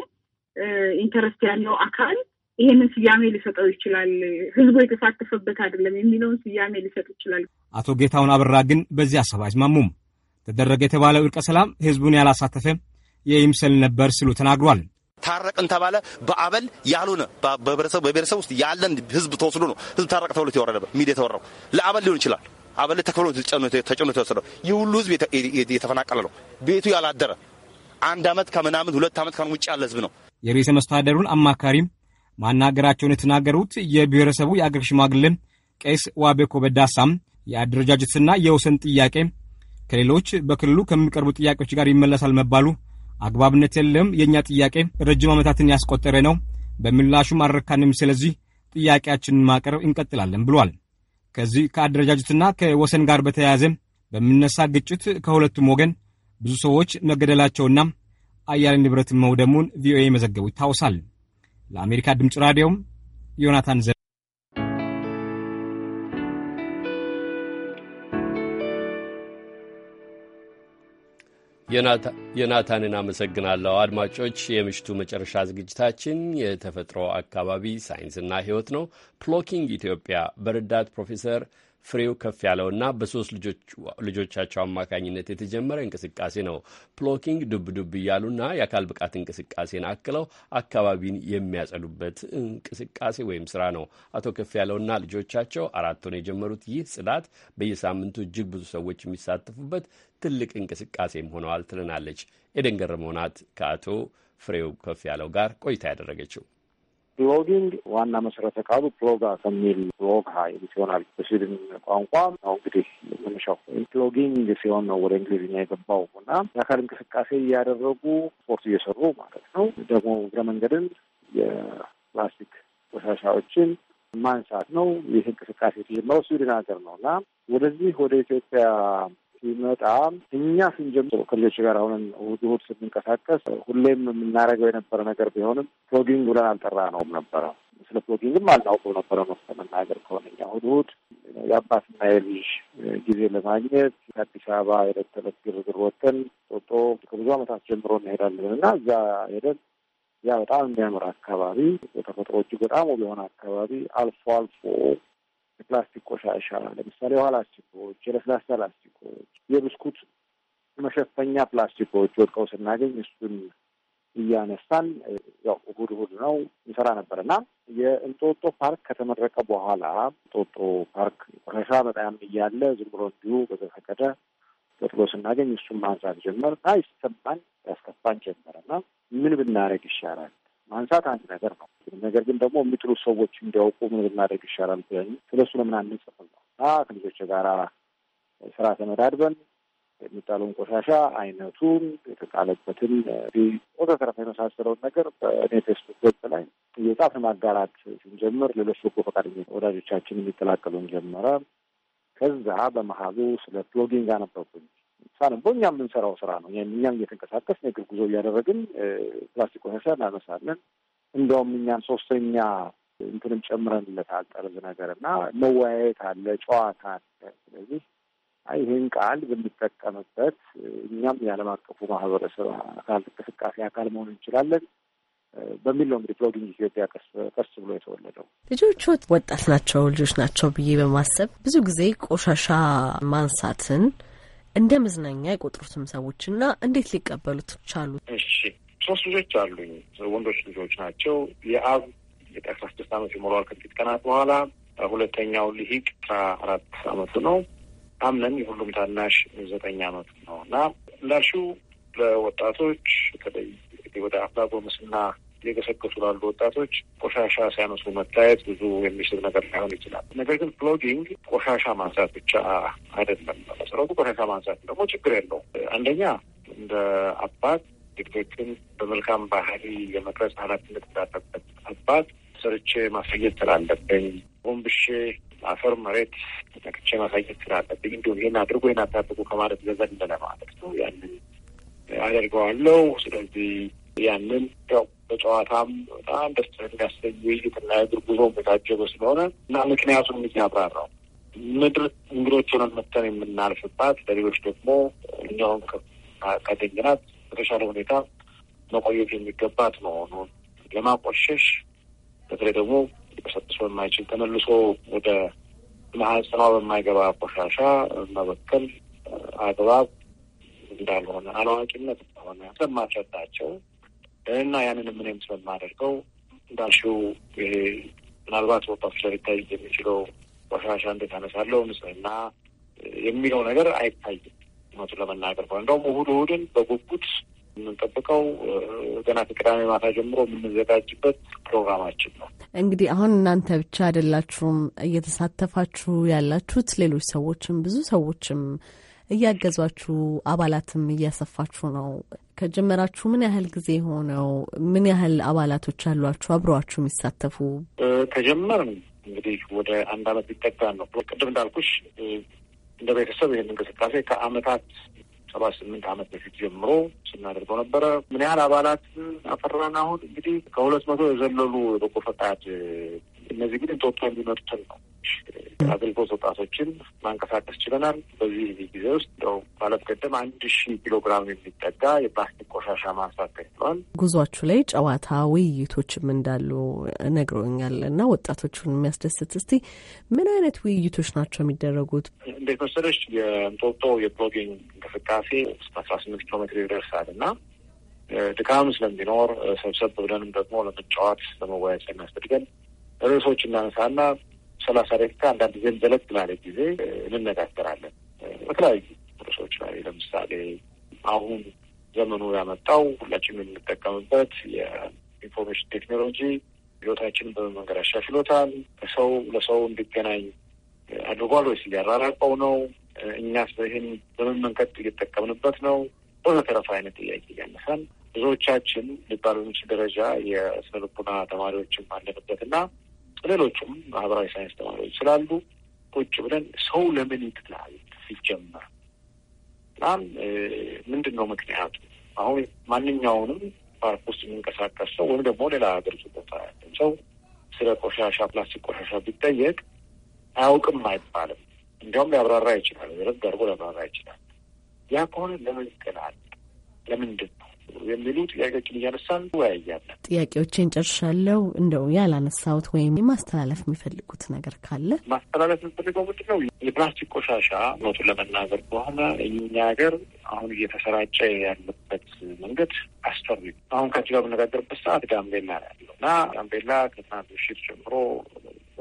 ኢንተረስት ያለው አካል ይሄንን ስያሜ ሊሰጠው ይችላል። ህዝቡ የተሳተፈበት አይደለም የሚለውን ስያሜ ሊሰጥ ይችላል። አቶ ጌታውን አበራ ግን በዚህ ሀሳብ አይስማሙም። ተደረገ የተባለው እርቀ ሰላም ህዝቡን ያላሳተፈ የይምሰል ነበር ሲሉ ተናግሯል። ታረቅን ተባለ በአበል ያልሆነ በብሔረሰብ ውስጥ ያለን ህዝብ ተወስዶ ነው ህዝብ ታረቅ ተብሎ የተወረደ ሚዲያ የተወረው ለአበል ሊሆን ይችላል አበለ ተከፍሎ ተጭኖ የተወሰደው ይህ ሁሉ ህዝብ የተፈናቀለ ነው። ቤቱ ያላደረ አንድ ዓመት ከምናምን ሁለት ዓመት ከምን ውጭ ያለ ህዝብ ነው። የርዕሰ መስተዳደሩን አማካሪም ማናገራቸውን የተናገሩት የብሔረሰቡ የአገር ሽማግሌን ቄስ ዋቤኮ ኮበዳሳም የአደረጃጀትና የወሰን ጥያቄ ከሌሎች በክልሉ ከሚቀርቡ ጥያቄዎች ጋር ይመለሳል መባሉ አግባብነት የለም፣ የእኛ ጥያቄ ረጅም ዓመታትን ያስቆጠረ ነው፣ በምላሹም አልረካንም፣ ስለዚህ ጥያቄያችንን ማቅረብ እንቀጥላለን ብሏል። ከዚህ ከአደረጃጀትና ከወሰን ጋር በተያያዘ በሚነሳ ግጭት ከሁለቱም ወገን ብዙ ሰዎች መገደላቸውና አያሌ ንብረት መውደሙን ቪኦኤ መዘገቡ ይታወሳል። ለአሜሪካ ድምፅ ራዲዮም ዮናታን ዘ የናታንን አመሰግናለሁ። አድማጮች፣ የምሽቱ መጨረሻ ዝግጅታችን የተፈጥሮ አካባቢ ሳይንስና ሕይወት ነው። ፕሎኪንግ ኢትዮጵያ በረዳት ፕሮፌሰር ፍሬው ከፍ ያለውና በሶስት ልጆቻቸው አማካኝነት የተጀመረ እንቅስቃሴ ነው። ፕሎኪንግ ዱብ ዱብ እያሉና የአካል ብቃት እንቅስቃሴን አክለው አካባቢን የሚያጸዱበት እንቅስቃሴ ወይም ስራ ነው። አቶ ከፍ ያለውና ልጆቻቸው አራት የጀመሩት ይህ ጽዳት በየሳምንቱ እጅግ ብዙ ሰዎች የሚሳተፉበት ትልቅ እንቅስቃሴም ሆነዋል ትለናለች። ኤደን ገረመው ናት ከአቶ ፍሬው ከፍ ያለው ጋር ቆይታ ያደረገችው። ፕሎጊንግ ዋና መሰረተ ቃሉ ፕሎጋ ከሚል ፕሎግ ሀይል በስዊድን ቋንቋ ነው እንግዲህ መነሻው ፕሎጊንግ ሲሆን ነው ወደ እንግሊዝኛ የገባው እና የአካል እንቅስቃሴ እያደረጉ ስፖርት እየሰሩ ማለት ነው። ደግሞ እግረ መንገድን የፕላስቲክ ቆሻሻዎችን ማንሳት ነው። ይህ እንቅስቃሴ የተጀመረው ስዊድን ሀገር ነው እና ወደዚህ ወደ ኢትዮጵያ ሲመጣ እኛ ስንጀምሮ ከልጆች ጋር አሁን እሑድ እሑድ ስንንቀሳቀስ ሁሌም የምናደርገው የነበረ ነገር ቢሆንም ፕሎጊንግ ብለን አልጠራ ነውም ነበረ። ስለ ፕሎጊንግም አልናውቀው ነበረ ነው መናገር ከሆነ እኛ እሑድ እሑድ የአባትና የልጅ ጊዜ ለማግኘት ከአዲስ አበባ የዕለት ተዕለት ግርግር ወጥተን ጦጦ ከብዙ ዓመታት ጀምሮ እንሄዳለን እና እዛ ሄደን ያ በጣም የሚያምር አካባቢ በተፈጥሮ እጅግ በጣም ውብ የሆነ አካባቢ አልፎ አልፎ የፕላስቲክ ቆሻሻ ለምሳሌ የውሃ ላስቲኮች፣ የለስላሳ ላስቲኮች፣ የብስኩት መሸፈኛ ፕላስቲኮች ወድቀው ስናገኝ እሱን እያነሳን ያው እሑድ እሑድ ነው እንሰራ ነበር እና የእንጦጦ ፓርክ ከተመረቀ በኋላ እንጦጦ ፓርክ ቆሻሻ በጣም እያለ ዝም ብሎ እንዲሁ ወጥሎ ስናገኝ እሱን ማንሳት ጀመር እና ይሰማን ያስከፋን ጀመረ እና ምን ብናደረግ ይሻላል ማንሳት አንድ ነገር ነው። ነገር ግን ደግሞ የሚጥሉ ሰዎች እንዲያውቁ ምን ብናደርግ ይሻላል ብለን ስለሱ ለምን አንጽፍም ነው እና ከልጆች ጋራ ስራ ተመዳድበን የሚጣለውን ቆሻሻ አይነቱን፣ የተጣለበትን ወዘተረፈ የመሳሰለውን ነገር በእኔ ፌስቡክ ገጽ ላይ እየጻፍን ማጋራት ስንጀምር ሌሎች በጎ ፈቃደኛ ወዳጆቻችን የሚጠላቀሉን ጀመረ። ከዛ በመሀሉ ስለ ፕሎጊንግ አነበብኩኝ። ሳነበው እኛም የምንሰራው ስራ ነው። እኛም እየተንቀሳቀስ የእግር ጉዞ እያደረግን ፕላስቲክ ቆሻሻ እናነሳለን። እንደውም እኛን ሶስተኛ እንትንም ጨምረንለታል ጠርዝ ነገር እና መወያየት አለ፣ ጨዋታ አለ። ስለዚህ ይህን ቃል ብንጠቀምበት እኛም የዓለም አቀፉ ማህበረሰብ አካል እንቅስቃሴ አካል መሆን እንችላለን በሚል ነው እንግዲህ ፕሎጊንግ ኢትዮጵያ ቀስ ብሎ የተወለደው። ልጆቹ ወጣት ናቸው ልጆች ናቸው ብዬ በማሰብ ብዙ ጊዜ ቆሻሻ ማንሳትን እንደ መዝናኛ የቆጥሩትም ሰዎች ሰዎችና እንዴት ሊቀበሉት ቻሉት? እሺ ሶስት ልጆች አሉኝ። ወንዶች ልጆች ናቸው። የአብ አስራ ስድስት አመት የሞላዋል ከጥቂት ቀናት በኋላ ሁለተኛው ልሂቅ አስራ አራት አመቱ ነው። አምነን የሁሉም ታናሽ ዘጠኝ አመቱ ነው እና እንዳልሽው ለወጣቶች በተለይ ወደ አፍላ ጎመስና እየገሰገሱ ላሉ ወጣቶች ቆሻሻ ሲያነሱ መታየት ብዙ የሚስብ ነገር ላይሆን ይችላል። ነገር ግን ፕሎጊንግ ቆሻሻ ማንሳት ብቻ አይደለም። በመሰረቱ ቆሻሻ ማንሳት ደግሞ ችግር የለውም። አንደኛ እንደ አባት ሴቶችን በመልካም ባህሪ የመቅረጽ ኃላፊነት እንዳለበት አባት ሰርቼ ማሳየት ስላለብኝ ጎንብሼ አፈር መሬት ነክቼ ማሳየት ስላለብኝ እንዲሁም ይህን አድርጎ ይህን አታድርጉ ከማለት ገዘን እንደለማለት ነው። ያንን አደርገዋለሁ። ስለዚህ ያንን ያው በጨዋታም በጣም ደስ የሚያሰኝ ውይይትና የእግር ጉዞ የታጀበ ስለሆነ እና ምክንያቱም እያብራራው ምድር እንግዶችን መተን የምናልፍባት ለሌሎች ደግሞ እኛውን ከደኝናት በተሻለ ሁኔታ መቆየት የሚገባት መሆኑን ለማቆሸሽ በተለይ ደግሞ ተሰጥሶ የማይችል ተመልሶ ወደ ማህፀኗ በማይገባ ቆሻሻ መበከል አግባብ እንዳልሆነ አላዋቂነት እንደሆነ ስለማስረዳቸው እና ያንን ምንም ስለማደርገው እንዳልሽው ይሄ ምናልባት ወጣቶች ላይ ሊታይ የሚችለው ቆሻሻ እንዴት አነሳለው፣ ንጽህና የሚለው ነገር አይታይም። እውነቱን ለመናገር ከሆነ እንደውም እሁድ እሁድን በጉጉት የምንጠብቀው ገና ከቅዳሜ ማታ ጀምሮ የምንዘጋጅበት ፕሮግራማችን ነው። እንግዲህ አሁን እናንተ ብቻ አይደላችሁም እየተሳተፋችሁ ያላችሁት፣ ሌሎች ሰዎችም ብዙ ሰዎችም እያገዟችሁ አባላትም እያሰፋችሁ ነው። ከጀመራችሁ ምን ያህል ጊዜ ሆነው? ምን ያህል አባላቶች አሏችሁ? አብረዋችሁ የሚሳተፉ? ከጀመርን እንግዲህ ወደ አንድ አመት ሊጠጋ ነው። ቅድም እንዳልኩሽ እንደ ቤተሰብ ይህን እንቅስቃሴ ከአመታት ሰባ ስምንት አመት በፊት ጀምሮ ስናደርገው ነበረ። ምን ያህል አባላት አፈራን? አሁን እንግዲህ ከሁለት መቶ የዘለሉ የበጎ ፈቃድ እነዚህ ግን ኢትዮጵያ የሚመጡትን ነው አገልግሎት ወጣቶችን ማንቀሳቀስ ችለናል። በዚህ ጊዜ ውስጥ እንደው ባለፍ ቀደም አንድ ሺህ ኪሎ ግራም የሚጠጋ የፕላስቲክ ቆሻሻ ማንሳት ተችሏል። ጉዟችሁ ላይ ጨዋታ ውይይቶችም እንዳሉ ነግሮኛል እና ወጣቶቹን የሚያስደስት እስቲ ምን አይነት ውይይቶች ናቸው የሚደረጉት? እንዴት መሰለች የእንጦጦ የብሎጊንግ እንቅስቃሴ እስከ አስራ ስምንት ኪሎ ሜትር ይደርሳል እና ድካም ስለሚኖር ሰብሰብ ብለንም ደግሞ ለመጫወት ለመወያየት ስለሚያስፈልገን ርዕሶች እናነሳና ሰላሳ ደቂቃ አንዳንድ ጊዜ ዘለግ ላለ ጊዜ እንነጋገራለን በተለያዩ ርዕሶች ላይ ለምሳሌ አሁን ዘመኑ ያመጣው ሁላችንም የምንጠቀምበት የኢንፎርሜሽን ቴክኖሎጂ ህይወታችንን በምን መንገድ አሻሽሎታል? ከሰው ለሰው እንዲገናኝ አድርጓል ወይስ እያራራቀው ነው? እኛስ ይህን በምን መንገድ እየተጠቀምንበት ነው? በመተረፍ አይነት ጥያቄ እያነሳን ብዙዎቻችን ሊባሉ በሚችል ደረጃ የስነ ልቡና ተማሪዎችም አለንበት እና ሌሎቹም ማህበራዊ ሳይንስ ተማሪዎች ስላሉ ቁጭ ብለን ሰው ለምን ይትላል ሲጀመር በጣም ምንድን ነው ምክንያቱ? አሁን ማንኛውንም ፓርክ ውስጥ የሚንቀሳቀስ ሰው ወይም ደግሞ ሌላ ሀገር ቦታ ያለን ሰው ስለ ቆሻሻ፣ ፕላስቲክ ቆሻሻ ቢጠየቅ አያውቅም አይባልም። እንዲያውም ሊያብራራ ይችላል፣ ረግ አድርጎ ሊያብራራ ይችላል። ያ ከሆነ ለምን ይጥላል? ለምንድን ነው የሚሉ ጥያቄዎችን እያነሳን ወያያለን። ጥያቄዎችን ጨርሻለሁ። እንደው ያላነሳሁት ወይም ማስተላለፍ የሚፈልጉት ነገር ካለ ማስተላለፍ የምፈልገው ምንድን ነው? የፕላስቲክ ቆሻሻ ኖቱ ለመናገር በሆነ እኛ ሀገር አሁን እየተሰራጨ ያለበት መንገድ አስፈሪ። አሁን ከዚህ ጋር በነጋገርበት ሰዓት ጋምቤላ ያለው እና ጋምቤላ ከትናንት ምሽት ጀምሮ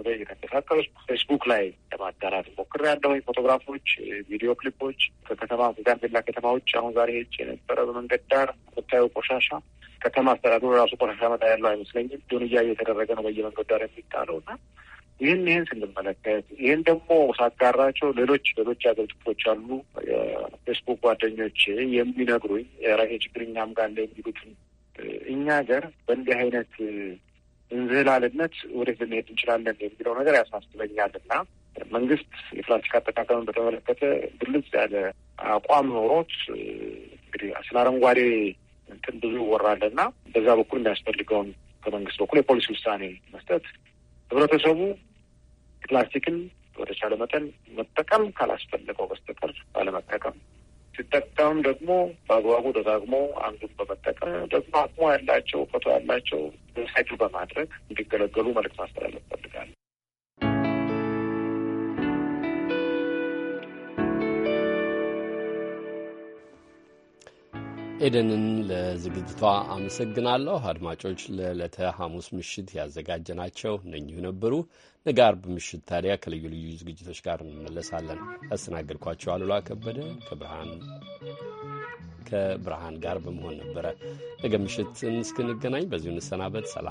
ወደ እየተንቀሳቀሱ ፌስቡክ ላይ ለማጋራት ያለው ፎቶግራፎች፣ ቪዲዮ ክሊፖች ከከተማ ጋምቤላ ከተማ ውጭ አሁን ዛሬ ሄጄ የነበረ በመንገድ ዳር የምታየው ቆሻሻ ከተማ አስተዳደሩ ራሱ ቆሻሻ መጣ ያለው አይመስለኝም። ዱንያ እየተደረገ ነው በየመንገድ ዳር የሚጣለው እና ይህን ይህን ስንመለከት ይህን ደግሞ ሳጋራቸው ሌሎች ሌሎች አገር ጥፎች አሉ የፌስቡክ ጓደኞች የሚነግሩኝ ራሴ ችግርኛም ጋር የሚሉትን እኛ ሀገር በእንዲህ አይነት እንዝህላልነት ወዴት ልንሄድ እንችላለን የሚለው ነገር ያሳስበኛል እና መንግስት የፕላስቲክ አጠቃቀምን በተመለከተ ግልጽ ያለ አቋም ኖሮት እንግዲህ ስለ አረንጓዴ እንትን ብዙ ይወራል እና በዛ በኩል የሚያስፈልገውን በመንግስት በኩል የፖሊሲ ውሳኔ መስጠት፣ ህብረተሰቡ ፕላስቲክን በተቻለ መጠን መጠቀም ካላስፈለገው በስተቀር ባለመጠቀም ሲጠቀም ደግሞ በአግባቡ ደጋግሞ አንዱን በመጠቀም ደግሞ አቅሙ ያላቸው እውቀቱ ያላቸው ሳይክል በማድረግ እንዲገለገሉ መልዕክት ማስተላለፍ እፈልጋለሁ። ኤደንን ለዝግጅቷ አመሰግናለሁ። አድማጮች ለዕለተ ሐሙስ ምሽት ያዘጋጀናቸው እነኚሁ ነበሩ። ነገ አርብ ምሽት ታዲያ ከልዩ ልዩ ዝግጅቶች ጋር እንመለሳለን። ያስተናገድኳቸው አሉላ ከበደ ከብርሃን ከብርሃን ጋር በመሆን ነበረ። ነገ ምሽት እስክንገናኝ በዚሁ እንሰናበት። ሰላም